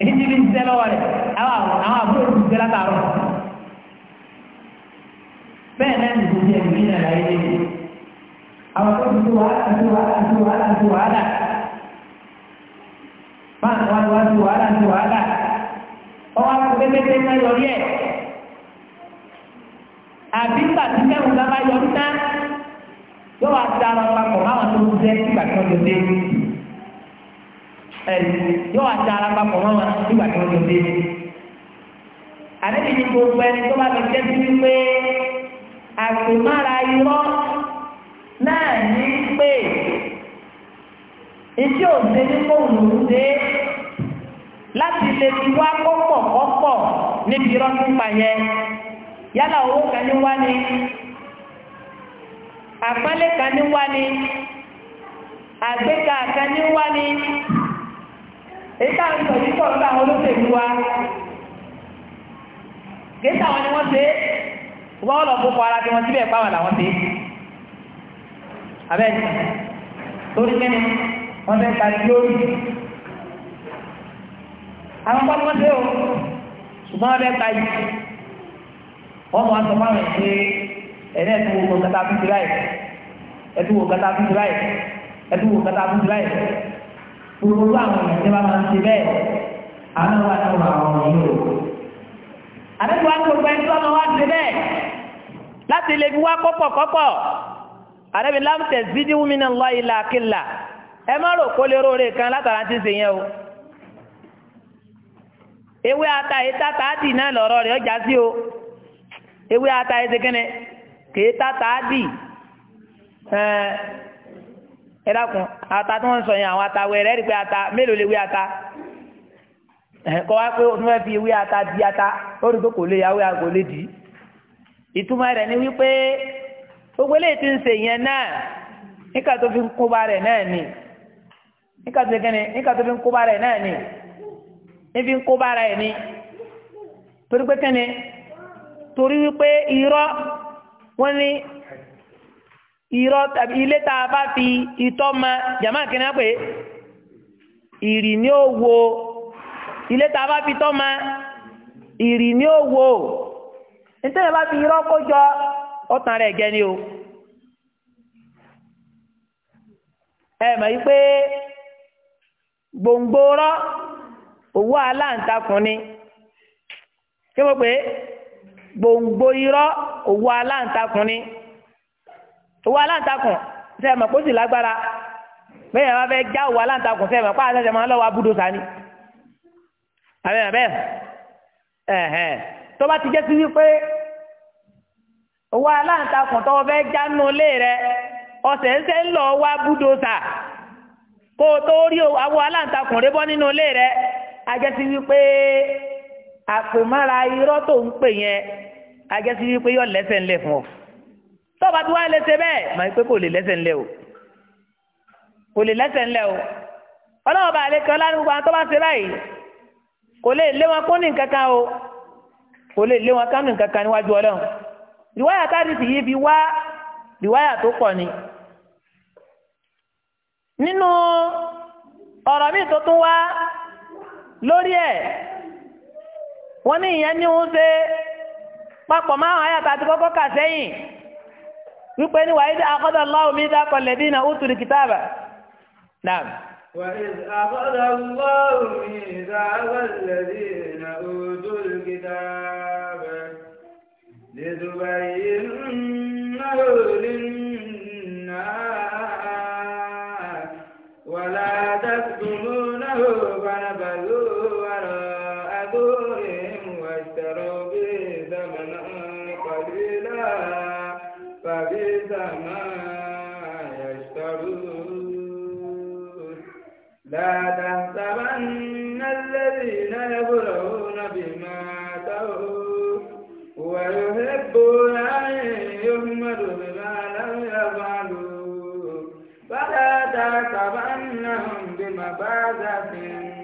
ìdíjì ń ṣiṣẹ́ lọ́wọ́ rẹ̀ àwọn àbúrò ti ṣiṣẹ́ látàárọ̀ bẹ́ẹ̀ náà ní ìdíjì ẹ̀mí ní àlàyé lẹ́yìn àwọn tó ti tó wàhálà tó wàhálà tó wàhálà tó wàhálà máa ń wájú wájú wàhálà tó wàhálà wọ́n wá pépépé náà yọrí ẹ̀ àbí gbàtí kẹ́hùn bá bá yọrí náà yọ wá da ara papọ̀ máwọn tó ń jẹ́ nígbà tí wọ́n tó dé ẹ̀ yóò wá da ara papọ̀ dé. àdébìyí gbogbo ẹni tó bá jẹ́ sí àgbèmára irọ́ náà ní pé etí òde ní fóònù òde láti lè fi wá kọ́pọ̀ kọ́pọ̀ níbi irọ́ yẹn yálà owó kan àpálẹ̀ kan ní wá ni àgbéga kan ní wá ni èyí táwọn sọ yìí sọ̀rọ̀ olóṣèlú wa gẹ́sà wọn ni wọ́n ṣe wọ́n lọ ara tí wọ́n síbẹ̀ pàwọn làwọn ṣe torí wọ́n fẹ́ lórí àwọn ẹ̀rẹ́ ẹ̀tún wo kọ̀ọ̀kátà fún ti ráì ẹ̀tún wo gbogbo àwọn máa ń ṣe bẹ́ẹ̀ àwọn ọmọ àwọn ọmọ yìí o. wa ń gbogbo ẹni tó ọmọ wa ṣe bẹ́ẹ̀ láti fi wá lámùtẹ̀ zidi wúmínà lọ ilà kìlà ẹ má rò kó lè róore kan látara ti ṣe yẹn o. ewé ata yìí tá kéétà tààdì ẹ dákun ata tí wọ́n sọ yẹn àwọn ata wẹ̀rẹ́ rí pé ata mélòó lè wí ata fi wí ata di ata ó kò lè yàwé àgò lè ìtumọ̀ ni wípé gbogbo eléyìí ti ń ṣe yẹn náà nígbà tó fi ń kóbá náà ni tó kẹ́ni tó fi wọ́n ní irọ́ tàbí ilé tá fi ma jàmá kìnnà pé ìrì ni ó ilé tá a fi tọ́ ma ìrì ni ó wo bá fi irọ́ kó ọ̀tàn rẹ̀ ni o. ẹ mọ̀ yí pé gbòǹgbò ala òwú aláǹtakùn ni kí wọ́n òwú aláǹtakùn ni òwú aláǹtakùn ṣe kó sì lágbára bẹ́ẹ̀ yẹn fẹ́ já òwú aláǹtakùn ṣe kó àṣẹ máa lọ́wọ́ sani tó bá ti jẹ́ sí wípé òwú aláǹtakùn tó fẹ́ já nù lé rẹ ọ̀sẹ̀ ń sẹ́ ń lọ wá sà kó o tó rí aláǹtakùn rẹ a sí wípé ajẹ́sí wípé yọ lẹ́sẹ̀ ńlẹ̀ fún ọ tọ́ba tí wàá lẹ́sẹ̀ bẹ́ẹ̀ màá pé kò lè lẹ́sẹ̀ ńlẹ̀ o kò lè lẹ́sẹ̀ ńlẹ̀ o ọlọ́wọ́ bá àlekẹ́ ọlárúgbó àwọn tọ́ba ṣe báyìí kò lè lé wọn kún ní nǹkan kan o kò lè lé wọn kánú nǹkan kan níwájú ọlọ́run ìwáyà káàdìsì yìí fi wá ìwáyà tó pọ̀ ni nínú ọ̀rọ̀ míì tó tún wá lórí ẹ̀ wọ́n ní ìyẹn ní ń ṣe papọ̀ máa hàn áyàtà àti kọ́kọ́ kà sẹ́yìn wípé ní wàá ìdí akọ́dọ̀ lọ́wọ́ mi dákọ̀ lẹ́bí náà ó tùrì kìtàbà. وإذ أخذ الله ميثاق الذين أوتوا الكتاب لتبينه لا تحسبن الذين يبرهون بما أتوا ويحبون أن يهمدوا بما لم يفعلوا فلا تحسبنهم بمفازة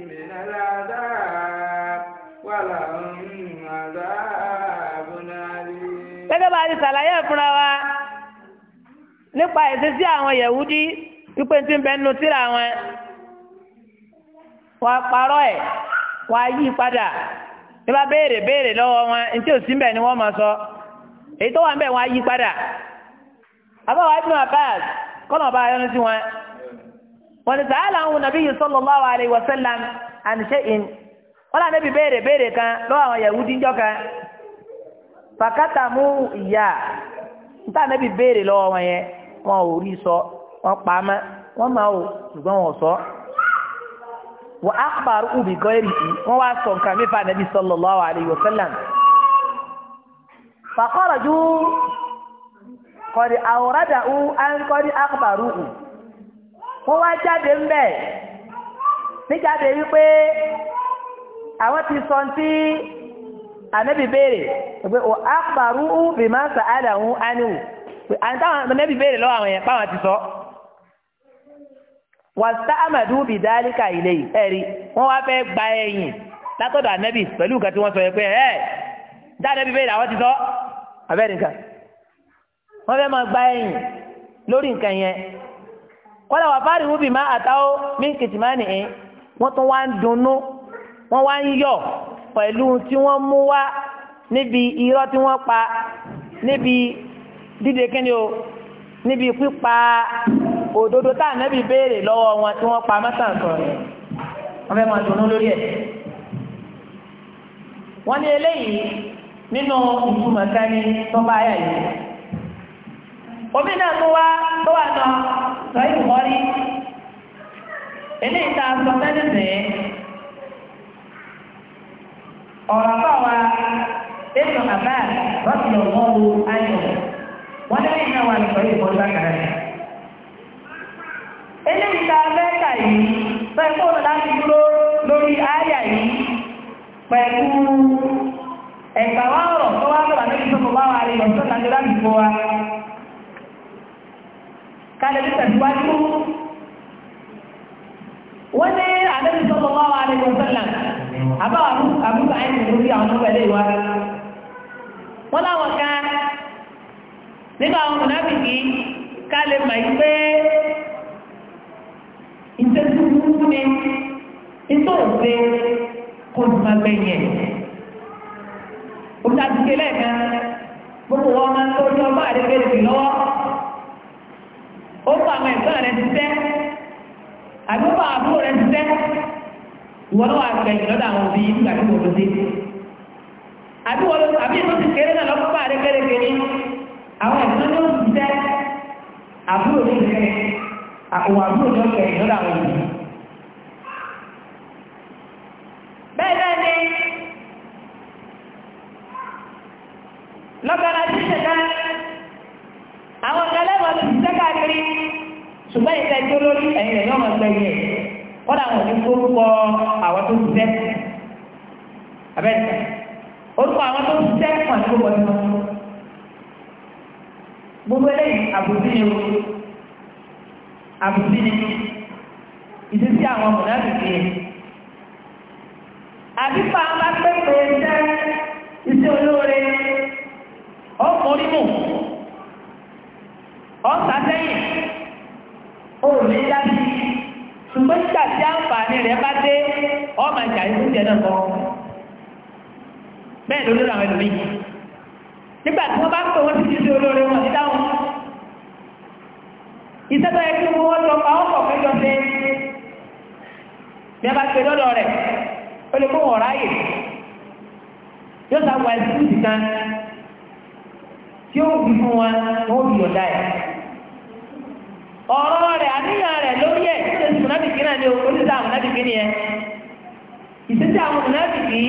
من العذاب ولهم عذاب أليم. gẹ́gẹ́ bá a ti ṣàlàyé fúnra wa nípa ìṣesí àwọn yẹ̀wúdí wípé tí ń wà á parọ́ ẹ̀ wà padà tí wọ́n béèrè béèrè lọ́wọ́ wọn ntí sí ni wọ́n ma sọ èyí tó wà mbẹ̀ wọ́n padà àbáwá ọba sí wọn sàálà ń wù nàbí yìí wa sallam an shay'in wọ́n ya bí béèrè béèrè kan àwọn kan fàkàtà mú ìyá níta béèrè wọn yẹn wọn ò rí sọ wọn wọn máa wọn sọ. Wa akpọrọ ubi gọ́ẹ̀rì yìí wọ́n wá sallallahu wa sallam. fàkọ́rọ̀jú kọ̀dí àwòrádà u àńkọ́dí àkàbàrú u wọ́n wá jáde ń bẹ̀ níjáde wípé àwọn ti sọ akpọrọ ubi béèrè pé wọ́n àkàbàrú u bìmọ̀ sàádà u ánìwò àti táwọn ti So. wàtá amadu bi dálíkà ilé yìí ẹ̀rí wọ́n wá fẹ́ gba ẹ̀yìn látọ̀dọ̀ anabi pẹ̀lú nǹkan tí wọ́n sọ yẹ pé ẹ̀ dáadẹ́bí bẹ́ẹ̀ làwọn ti sọ abẹ́rẹ́ nǹkan wọ́n fẹ́ máa gba ẹ̀yìn lórí nǹkan yẹn kọ́lá wà fárí rúbì má àtàwọ́ mí kìtì má nìyẹn wọ́n tún wá ń dunnú wọ́n wá ń yọ̀ pẹ̀lú tí wọ́n mú wá níbi irọ́ tí wọ́n pa níbi dídé kíni o níbi pípa òdodo tá ànábì béèrè lọ́wọ́ wọn tí wọ́n pa mọ́sàǹsọ̀ rẹ̀ wọ́n fẹ́ máa dùnú lórí ẹ̀. wọ́n ní eléyìí nínú ìtumọ̀ kan ní tọ́ba ayà yìí. omi náà tó wá tó wà náà sọ ìwọ́rí eléyìí tá a sọ sẹ́nìsìn ọ̀rọ̀ àbáwa ètò àbá rọ́ọ̀tì ọ̀gbọ́n ayọ̀ wọ́n lẹ́yìn náà wà ní sọ́yìn ìbọn bákàrà rẹ̀ eléyìí ta mẹ́ta yìí pẹ̀lú láti dúró lórí àyà yìí pẹ̀lú ẹ̀gbà wá ọ̀rọ̀ tó wá lọ́wọ́ lórí tó bá wà rí ọ̀tọ́ láti láti fọ́ wa kálẹ̀ ní tẹ̀síwájú wọ́n ní àdébí tó bá wà rí ọ̀tọ́ láti àbáwà àbúkà ẹ̀sìn lórí àwọn ọmọ ẹ̀lẹ́ ìwà wọ́n láwọn kan nínú àwọn mùnáfìkì ká lè mọ̀ yí pé ìtẹ́sí burúkú ni ìtò òfé kò ní máa gbẹ̀yìn ẹ̀. Òṣà ti kélé ẹ̀ka gbogbo wọn máa ń tọ́jú ọba àdébẹ̀rẹ̀ lọ́wọ́. Ó fọ àwọn ẹ̀gbọ́n rẹ̀ ti tẹ́. Àgbọ̀fọ̀ àbúrò rẹ̀ ti tẹ́. Ìwọ náà wà gbẹ̀yìn lọ́dọ̀ àwọn òbí nígbà tí wọ́n lọ sí. Àbí ìwọ àbí ìwọ ti kéré náà lọ́kọ́ àwọn ẹ̀gbọ́n ló ń jẹ́ àbúrò ní ìfẹ́ àwọn àbúrò ní ọ̀fẹ́ ìlú làwọn òbí. bẹ́ẹ̀ náà ni lọ́gbàrá sí ìṣẹ̀dá àwọn ọ̀gálẹ́wọ̀n ti ṣiṣẹ́ káàkiri ṣùgbọ́n ìṣẹ́ tí ó lórí ẹ̀yìn rẹ̀ yọ̀mọ̀ gbẹ̀yẹ̀ wọ́n àwọn òní gbórúkọ àwọn tó ṣiṣẹ́ abẹ́ẹ̀ta orúkọ àwọn tó ṣiṣẹ́ pọ̀ ní gbogbo ọdún gbogbo eléyìí àbùsí ni àbùsí ni ìdísí àwọn mùnàfíkì àbípa bá pépè iṣẹ́ iṣẹ́ olóore ọkùn onímù òní dábí ṣùgbọ́n nígbà tí àǹfààní rẹ̀ bá dé ọmọ ìjà ìfúnjẹ náà kọ́ bẹ́ẹ̀ lórí àwọn ẹlòmíì nígbà tí wọ́n bá pè wọ́n títí sí olóore wọn ní dáhùn iṣẹ́ tó yẹ kí wọ́n lọ pa ọkọ̀ péjọ sí bí a bá pè lọ́dọ̀ rẹ̀ ó lè kó wọ̀n ráyè yóò sá wà ẹ̀sìn ìdìkan tí ó wù fún wa wọ́n bí ọ̀dá ẹ̀ ọ̀rọ̀ rẹ̀ àníyàn rẹ̀ lórí ẹ̀ tí ó lè sùn náà bìkínà ní o oníṣẹ́ àwọn náà bìkínì yẹn ìṣẹ́sẹ́ àwọn náà bìkínì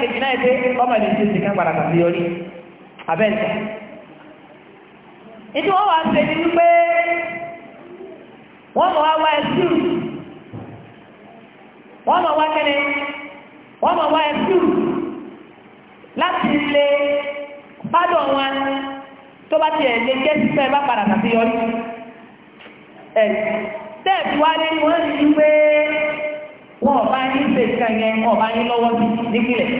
kejì náà pé ọmọ ìlú ìṣẹ́sì kan padà kàfí orí abẹ́ǹtà ìtí wọ́n wá ṣe ní wípé wọ́n mọ̀ wá wá wọ́n mọ̀ wá kẹ́lẹ̀ wọ́n mọ̀ wá ẹ̀sùn láti lè pádọ̀ wọn tó bá ti ẹ̀ jẹ́ sípẹ́ bá padà kàfí orí ẹ̀ tẹ́ẹ̀ fi wá ní wọ́n ní wọn ọba yín ṣe nǹkan yẹn wọn ọba yín lọ́wọ́ sí nípìnlẹ̀.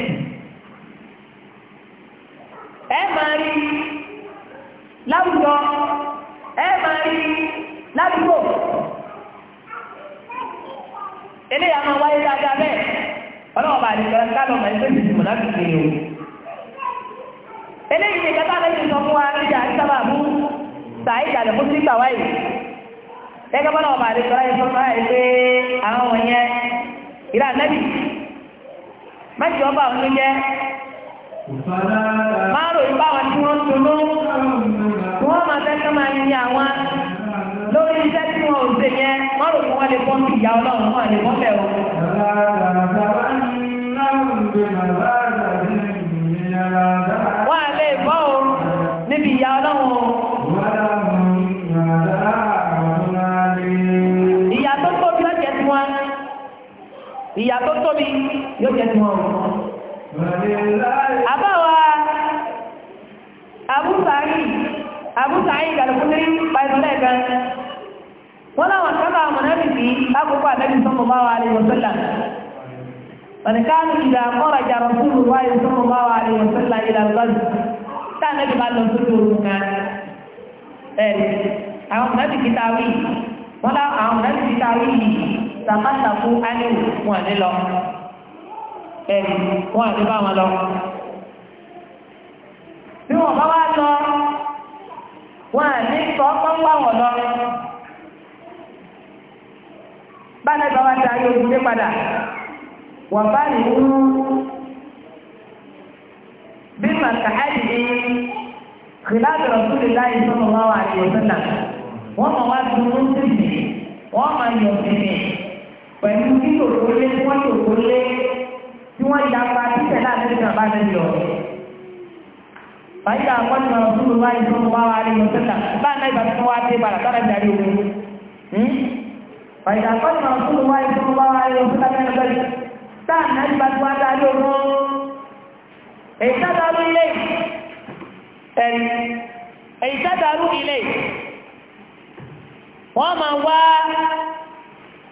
ẹ máa rí láwùjọ ẹ máa rí ládùúgbò eléyà máa wáyé dáadáa bẹ́ẹ̀ ọlọ́wọ́ bá àdìgbà kálọ̀ máa ń pèsè ìmọ̀ láti fi o. eléyìí ni kátà lẹ́yìn sọ fún wa níjà sábà mú sàáyé ìdàlẹ̀ fún sígbà wáyé. gẹ́gẹ́ bọ́lá ọba àdìgbà yẹn fún wa yẹn pé àwọn wọ̀nyẹn ìlà nẹ́bì mẹ́jì ọba àwọn tó jẹ́ márùn ún báwọn tí wọ́n tún ló wọ́n máa tẹ́kọ́ máa ní àwọn lórí iṣẹ́ tí wọ́n ò ṣe yẹn márùn ún wọ́n lè pọ́n sí ìyá ọlọ́run wọ́n lè pọ́n ìyá tó tóbi yóò jẹ́ tí wọ́n rú. àbáwa abúsàárì abúsàárì ìdàlùkúndé pàìsọ́lẹ̀ gan wọ́n láwọn sábà mọ̀nàbìbí lákòókò àdẹ́bí sọ́mọ̀ bá wà lè wọ́sọ́là ọ̀nìkánu ìdá kọ́ra jàrọ̀ fún ìwà ìsọ́mọ̀ bá wà lè wọ́sọ́là ìdàlùkọ́sì táà náà ti bá lọ sójú ogun kan ẹ̀rì àwọn mọ̀nàbìbí táwí wọ́n láwọn mọ̀nàbìbí táwí yìí sàkátà fún ánìwò wọn ní lọ ẹ̀rì wọn ní bá wọn lọ bí wọn bá wá lọ wọn ní sọ pọ́npọ́ wọn lọ bálẹ̀ bá wá darí ojúlé padà wọ́n bá ní wúrú bí màkà áìdí kìláàbì rọ̀túlì láì sọ́nà wá wà ní ọ̀sán náà wọ́n mọ̀ wá dúró sí wọ́n mọ̀ yọ̀ sí pẹ̀lú tí yòókó lé tí wọ́n yòókó lé tí wọ́n ya pa títẹ̀ náà lórí ìjọba náà lọ. Bàyá àkọ́ni ọ̀rọ̀ fún mi wá ní fún mi wá wá rí mi sílà. Bá a náà ìgbà tí wọ́n wá dé padà sára ìdarí omi. Bàyá àkọ́ni ọ̀rọ̀ fún mi wá ní fún mi wá wá rí mi sílà náà lọ́yìn. Táà náà ìgbà tí wọ́n darí omi. Èyí sádàrú ilé Èyí sádàrú ilé. Wọ́n máa wá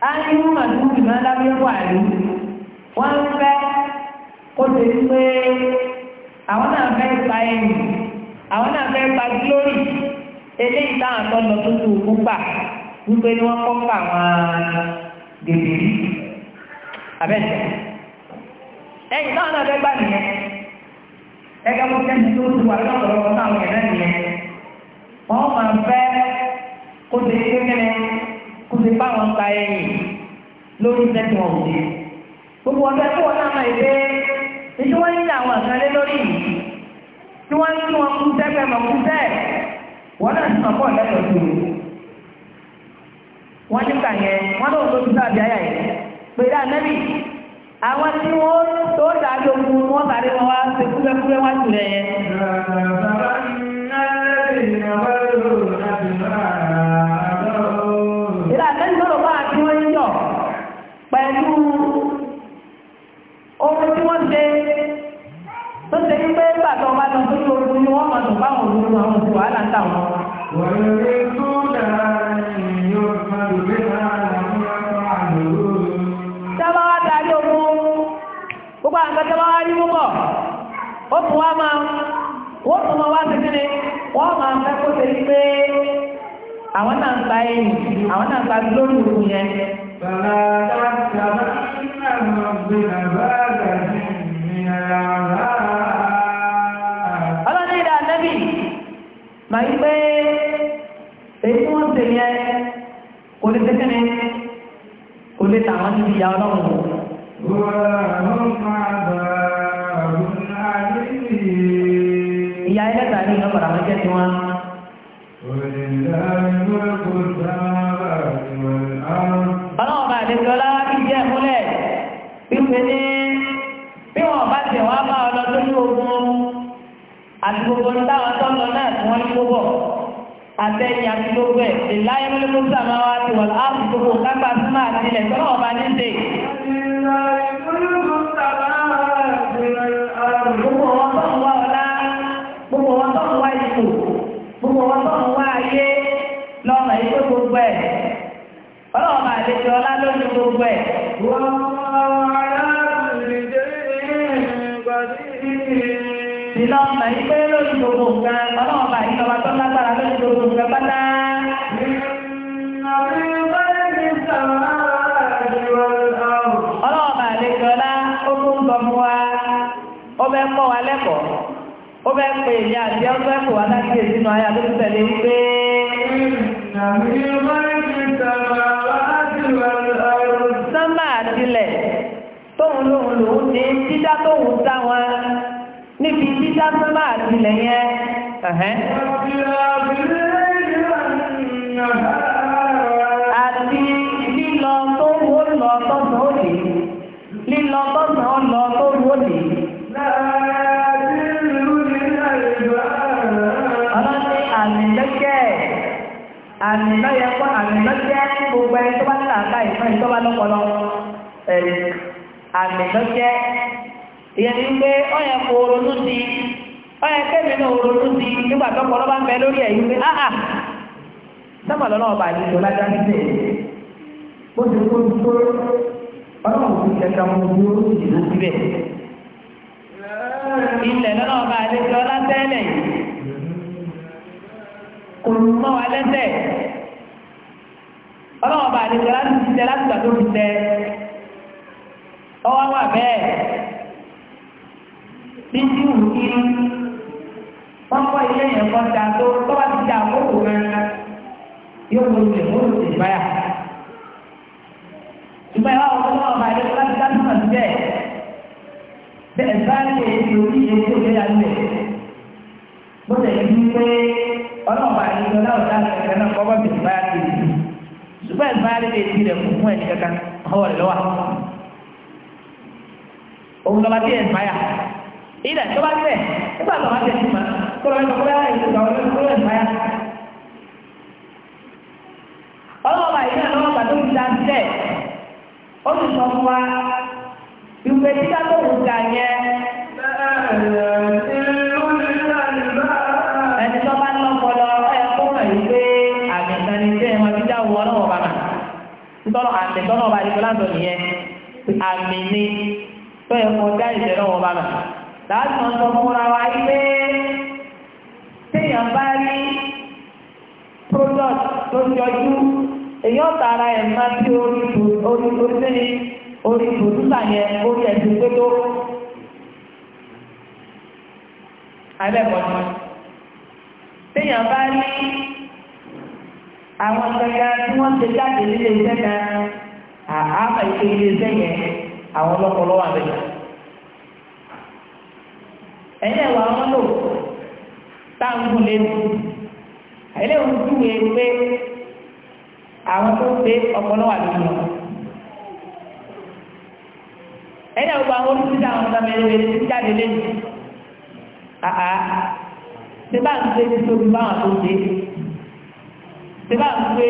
á ní ma mà tún bì máa lábẹ́ wà fẹ́ kó ṣe pé àwọn náà fẹ́ pa ẹ̀yìn àwọn náà fẹ́ pa glory eléyìí táwọn lọ wípé ni wọ́n kọ́ pa àwọn bèbè abẹ́sẹ̀ ẹ̀yìn táwọn náà fẹ́ gbà nìyẹn ẹgbẹ́ mú kẹ́sì tó táwọn nìyẹn wọ́n máa fẹ́ kó ti bá wọn ta ẹ̀yìn lórí nẹ́tíwọ̀n gbogbo ọ̀sẹ̀ tí wọ́n náà máa gbé ètò wọ́n nílò àwọn àkàlé lórí tí wọ́n ní wọn kú mọ̀ kú wọ́n náà ti tó wọ́n ní kà yẹn wọ́n burú àwọn oṣù wàhálà ń tà wọn. wẹ̀rẹ̀ tó dára ìyọ̀ máa lè máa làwọn ọmọ àlọ́. sábà wá darí ogun gbogbo àwọn akẹ́kẹ́ wá rí púpọ̀ ó tún wá máa wọ́n tún máa wá sí kíni wọ́n máa fẹ́ kó ṣe ní pé àwọn náà ń ta ẹ̀yìn àwọn náà ń ta lórí ogun yẹn. bàbá dáadáa máa ń nà mọ̀ gbé bàbá àgbà ní ìrìn àyà mà yí pé èyí tí wọ́n ṣe yẹn kò lè tẹ́kẹ́ ni kò lè tà wọ́n níbi ìyá ọlọ́run. ìyá ẹlẹ́ta ní ìlú padà wọ́n jẹ́ tiwọn. ọlọ́run bá àdéjọ́ lá ìdí ẹ̀ múlẹ̀ wípé ní bí wọ́n bá tẹ̀ wá bá ọ lọ ogun àti gbogbo àtẹ̀yìn àti gbogbo ẹ̀ lè láyé mọ́lẹ́kọ́ sàmà wá ti wà láàbù gbogbo kápá sí máa ti ilẹ̀ tọ́lọ́ ọba ní ṣe. gbogbo wọn tó ń wá ọlá gbogbo wọn tó ń wá ipò gbogbo wọn tó ń wá ayé lọ́nà ìpè gbogbo ẹ̀ ọlọ́ọ̀bà àlejò ọlá lórí gbogbo ẹ̀. ọlọ́ọ̀bà yìí pé èmi àti ọgbẹ́ kò wá lágbègbè sínú ayé àti tẹ̀lé wípé. sánmà àtilẹ̀ tóun lòun lòun ní dídá tóun dá wọn níbi dídá sánmà àtilẹ̀ yẹn. àmì jẹ́ ìyẹn ni pé sí ó yẹ náà ronú sí nígbà bá ń bẹ lórí pé ah, ah, ọba àdìsọ lájá nílẹ̀ ti kó tó ọlọ́run ti kẹta mú síbẹ̀ ilẹ̀ lọ́nà ọba àdìsọ látẹ́lẹ̀ kò mọ́ ọwọ́ wà bẹ́ẹ̀ bí tí ò kí kọ́kọ́ ilé yẹn kọ́ da tó tó bá ti di àkókò rẹ̀ yóò wọ ilé mọ́ ló ti báyà. ìgbà yà wọ́n fún ọba yẹn láti dáná náà bẹ́ẹ̀ bẹ́ẹ̀ sáré èyí òbí yẹn tó gbé yàgbẹ́. bó ṣe yẹ pé ọlọ́ọ̀bà yẹn lọ náà dá ẹ̀kẹ́ náà kọ́kọ́ bẹ̀rẹ̀ báyà kejì. ṣùgbọ́n ìbáraẹ̀ èyí rẹ̀ kò fún ẹ̀ òun lọ́ba tí ẹ̀ ń báyà ilẹ̀ tó bá tẹ̀ nígbà tó bá tẹ̀ sí ma tó lọ́wọ́ ìtọ́kọ́ yára ìtọ́kọ́ àwọn olóòtú ẹ̀ ń báyà. ọlọ́ọ̀bà yìí náà lọ́wọ́ pàtó ti dáa sílẹ̀ ó sì sọ fún wa ìwé títà tó wù gà yẹn. ẹni tó bá lọ́pọ̀ lọ ẹ kó mọ̀ yìí pé àmì kan ní bẹ́ẹ̀ wọn ti dá wọ ọlọ́wọ́ bàbà nítorí àmì tọ́lọ́ àmì tọ́lọ́ tó yẹ kó dá ìjẹ́ lọ́wọ́ bá mẹ́ láti máa sọ fúnra wa yí pé téèyàn bá rí product tó yọjú èyí ọ̀tà ara ẹ̀ máa tí orí oríṣẹ́ni orí producer yẹn orí ẹ̀sìn pé tó alẹ́kọ̀ọ́ téèyàn bá rí àwọn ọ̀sẹ̀ tí wọ́n ṣe jáde nílé iṣẹ́ àhámà ìpele iṣẹ́ àwọn ọlọ́pọlọ wà bẹ́ẹ̀ ẹ̀yìn ẹ̀wà wọn lò táàmù lẹ́nu ẹ̀lẹ́ òun júwe pé àwọn tó ṣe ọpọlọ wà lórí wọn ẹ̀yìn ẹ̀wà àwọn olùsíjà àwọn ọ̀dọ́ mẹ́rin ti jáde lẹ́nu àhà ṣe bá ń gbé títóbi báwọn tó ṣe ṣe bá ń gbé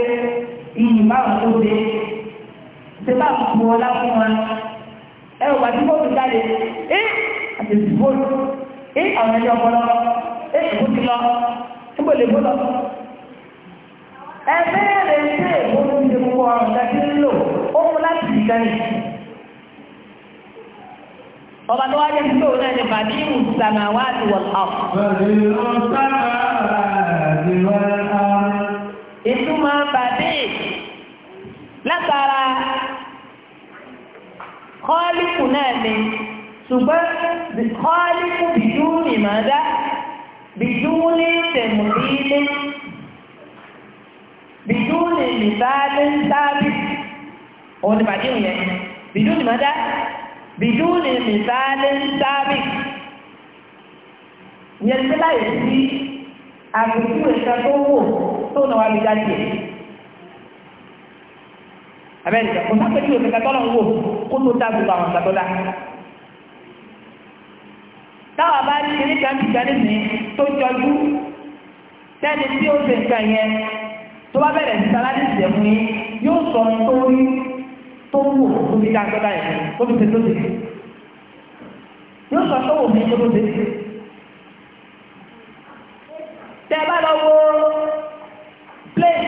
iyì báwọn tó ṣe ṣe bá ń bu ọlá fún wọn ẹ ò gbà tí fóònù jáde ẹ àti fóònù ẹ àwọn ẹjọ́ ọpọlọ ẹ ìbò ti lọ níbo lè bó lọ. ẹ bẹ́ẹ̀rẹ̀ ṣe èkó ló ń ṣe gbogbo ọrùn kan tí ń lò ó mú láti ìgbà yìí. ọba tó wáyé sí òun náà ni bàbí ìmùsàmà wà á ti wọ̀ ọ́. bàbí ìmùsàmà wà á ti wọ̀ ọ́. ìtumọ̀ bàbí látara kọ́ọ̀lìkù náà ni ṣùgbọ́n kọ́ọ̀lìkù bìdúnì máa dá bìdúnì tẹ̀mùlílé bìdúnì nìbálé sábì òun ni bàdí òun yẹn bìdúnì máa dá bìdúnì nìbálé sábì yẹn tí láyé sí àgbẹ̀kú ìṣàkówó tó náà wà lè abẹ́rẹ́ kò sápẹ́jú òfin katọ́lọ̀ ń wò kó tó dá gbogbo àwọn katọ́ dá. táwa bá rí eré kan jìjà nísìnyí tó jọjú tẹ́ni tí ó ṣe nǹkan yẹn tó bá bẹ̀rẹ̀ sí sáláàdì ìṣẹ̀ fún yín yóò sọ tó rí tó wù tó fi dá gbọ́dá yẹn tó fi ṣe tó ṣe yóò sọ tó wù mí tó tó ṣe. tẹ́ bá lọ wo plane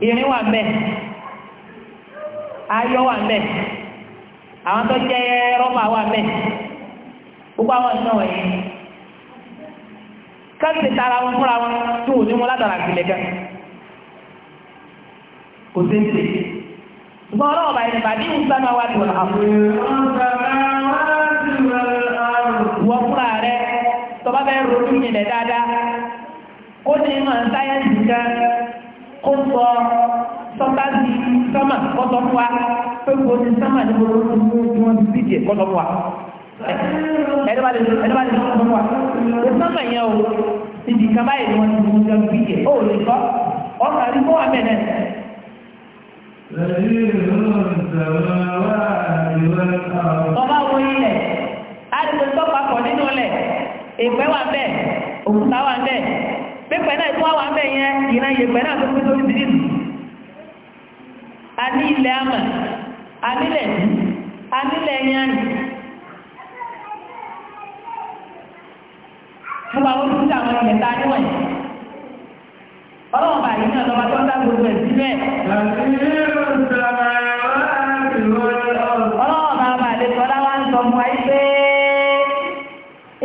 irin wà mbẹ ayọ̀ wà mbẹ àwọn tó rọba wà mbẹ gbogbo àwọn ìṣàn wọ̀nyí kẹ́sì tara wọn fúnra wọn tó wò wọn ládàra ìpìlẹ̀ kan kò sí ní ṣùgbọ́n ọlọ́wọ́ bá yẹn bàbí ìwúsá náà wà lọ́wọ́ àwọn fúnra rẹ ronú dáadáa ní sáyẹ́ǹsì kó sọ sọ́tà di sọ́mà kọ́tọ́ fún wa pé kò ní sọ́mà ní gbogbo tí wọ́n ti fi díẹ̀ kọ́tọ́ fún wa. ẹni bá lè sọ́tọ̀ fún wa kò sọ́mà yẹn o ìdí kan bẹ́ẹ̀, òkúta wà bẹ́ẹ̀ pépẹ̀ náà tó wà bẹ́ẹ̀ yẹn ìran ìyẹ̀pẹ̀ náà tó pín sórí ti dìbò a ní ilẹ̀ àmà a nílẹ̀ a nílẹ̀ yẹn gbogbo àwọn tó ń ta àwọn ìyẹ̀ta níwọ̀n ọlọ́wọ́n bàyí náà lọ́wọ́ tó ń dá gbogbo ẹ̀ sílẹ̀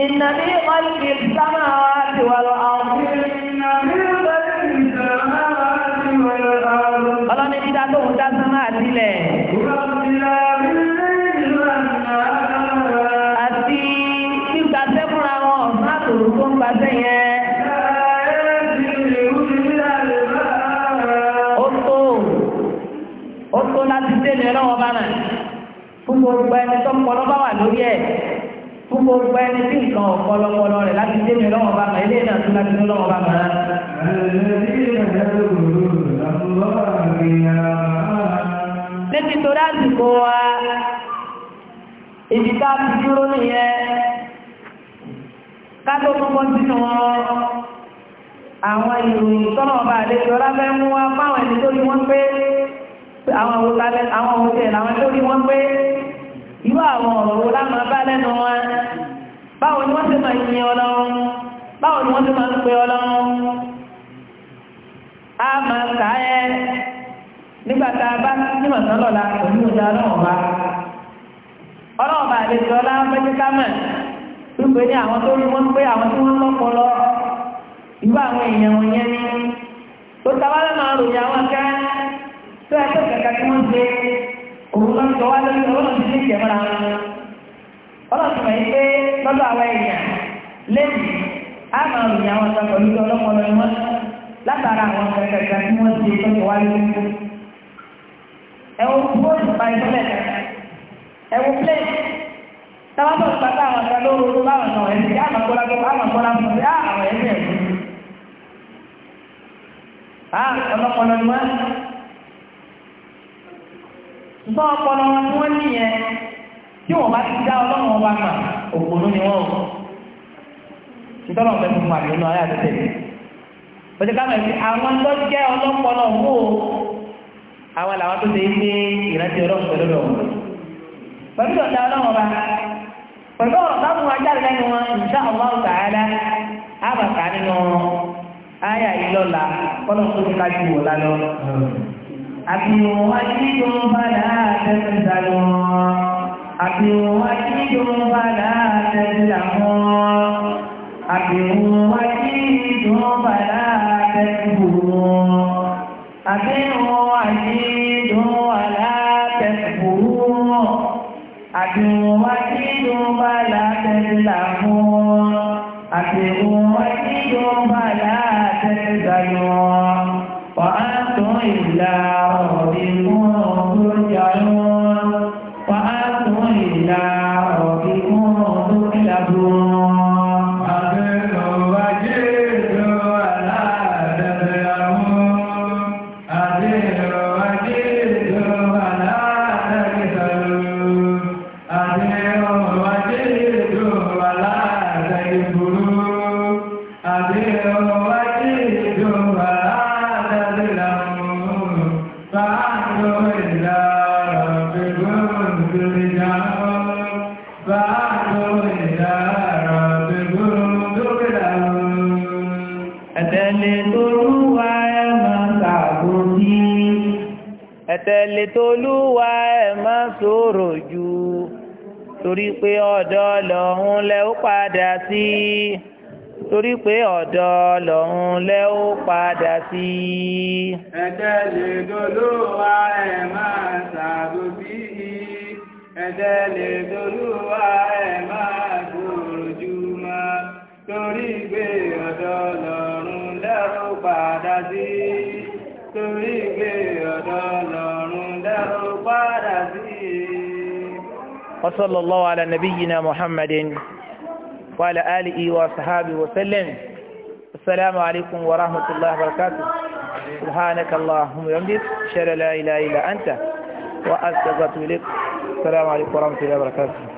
إن في خلق السماوات والأرض ọlọ́ni dídá tó ń dá sánmà sílẹ̀ àti gbígbàsẹ́ fúnra wọn ọ̀sán àtòrò tó ń gbàsẹ́ yẹn ó tó ó tó láti dé ní ẹlọ́wọ́ bá náà fún gbogbo ẹni tó ń gbogbo ẹni tí nǹkan ọ̀pọ̀lọpọlọ rẹ̀ láti dé mi lọ́wọ́ bàbá ilé náà tún láti dé lọ́wọ́ bàbá. nítorí àsìkò wa ibi tá a ti dúró nìyẹn ká tó kọ́kọ́ sínú àwọn ìròyìn tọ́nà ọba àlejò ọlábẹ́ mú wá fáwọn ẹni tó ní wọ́n pé àwọn òwúrọ̀ àwọn òwúrọ̀ làwọn tó ní wọ́n pé irú àwọn ọ̀rọ̀ wo láwọn bá lẹ́nu wọn báwo ni wọ́n ti máa yin ọlọ́run báwo ni wọ́n ti máa ń pe ọlọ́run a máa kà á yẹ nígbà tá a bá ní màtán lọ́la pẹ̀lú ìjà ọlọ́run bá ọlọ́run bá lè sọ láwọn fẹ́ ká wípé ní àwọn tó rí wọn pé àwọn tí wọ́n lọ́pọ̀ lọ ìwé àwọn èèyàn wọn yẹn ni tó tabálẹ̀ máa ròyìn àwọn ká tó ẹgbẹ́ kàkà tí wọ́n ṣe òun lọ́sọ̀ ọlọ́sùnmọ̀ yìí pé lọ́dọ̀ àwọn èèyàn lẹ́yìn á máa ròyìn àwọn ọ̀sán pẹ̀lú ọlọ́pọlọ ni wọ́n látara àwọn kẹ̀kẹ́ tí wọ́n ti tọ́jú wá lóko ẹ̀wọ̀n bóòlù pàìpẹ́lẹ̀ ẹ̀wọ̀n plẹ̀tì táwọn bọ̀ pátá àwọn ọ̀sán lóru ló báwọn náà ẹ̀sìn kí àmàkọ́lá tó àmàkọ́lá fún mi ah, àwọn ẹ̀sìn ẹ̀sìn ah, ọlọ́pọlọ ni wọ́n tí wọ́n bá ti dá ọlọ́run ọba mà òpònú ni wọ́n ìtọ́lọ̀ fẹ́ fún àmì ọ̀nà ayé àtẹ̀tẹ̀ bọ́sẹ̀ káwọn ẹ̀sìn àwọn tó jẹ́ ọlọ́pọ̀lọ́ wò àwọn làwọn tó ṣe é pé ìrántí ọlọ́run pẹ̀lú ọ̀rọ̀ pẹ̀lú ọ̀dà ọlọ́run ọba pẹ̀lú ọ̀rọ̀ táwọn ajáde lẹ́nu wọn ìṣá ọ̀wá ọ̀tà ara àbàkà nínú ayé ìlọ́la kọ́lọ̀ tó ti kájú wò lálọ́ àbí wọn wá sí ìjọba láàbẹ̀ àbíwọ̀n wá sí ìjọba láàtẹ̀lẹ̀ àwọn àbíwọ̀n wá sí ìjọba láàtẹ̀lẹ̀ wọn àbíwọ̀n wá sí ìjọba láàtẹ̀lẹ̀ wọn àbíwọ̀n wá sí ìjọba láàtẹ̀lẹ̀ ìlà ọ̀rọ̀ gbòòrò jù torí pé ọ̀dọ̀ lọ́hún lẹ ó padà sí torí pé ọ̀dọ̀ lọ́hún lẹ ó padà sí. ẹ̀jẹ̀ lè dolówà ẹ̀ máa ṣàgòbí ẹ̀jẹ̀ lè dolówà ẹ̀ máa. وصلى الله على نبينا محمد وعلى آله وصحابه وسلم السلام عليكم ورحمة الله وبركاته سبحانك اللهم يمدك شر لا إله إلا أنت وأستغفرك السلام عليكم ورحمة الله وبركاته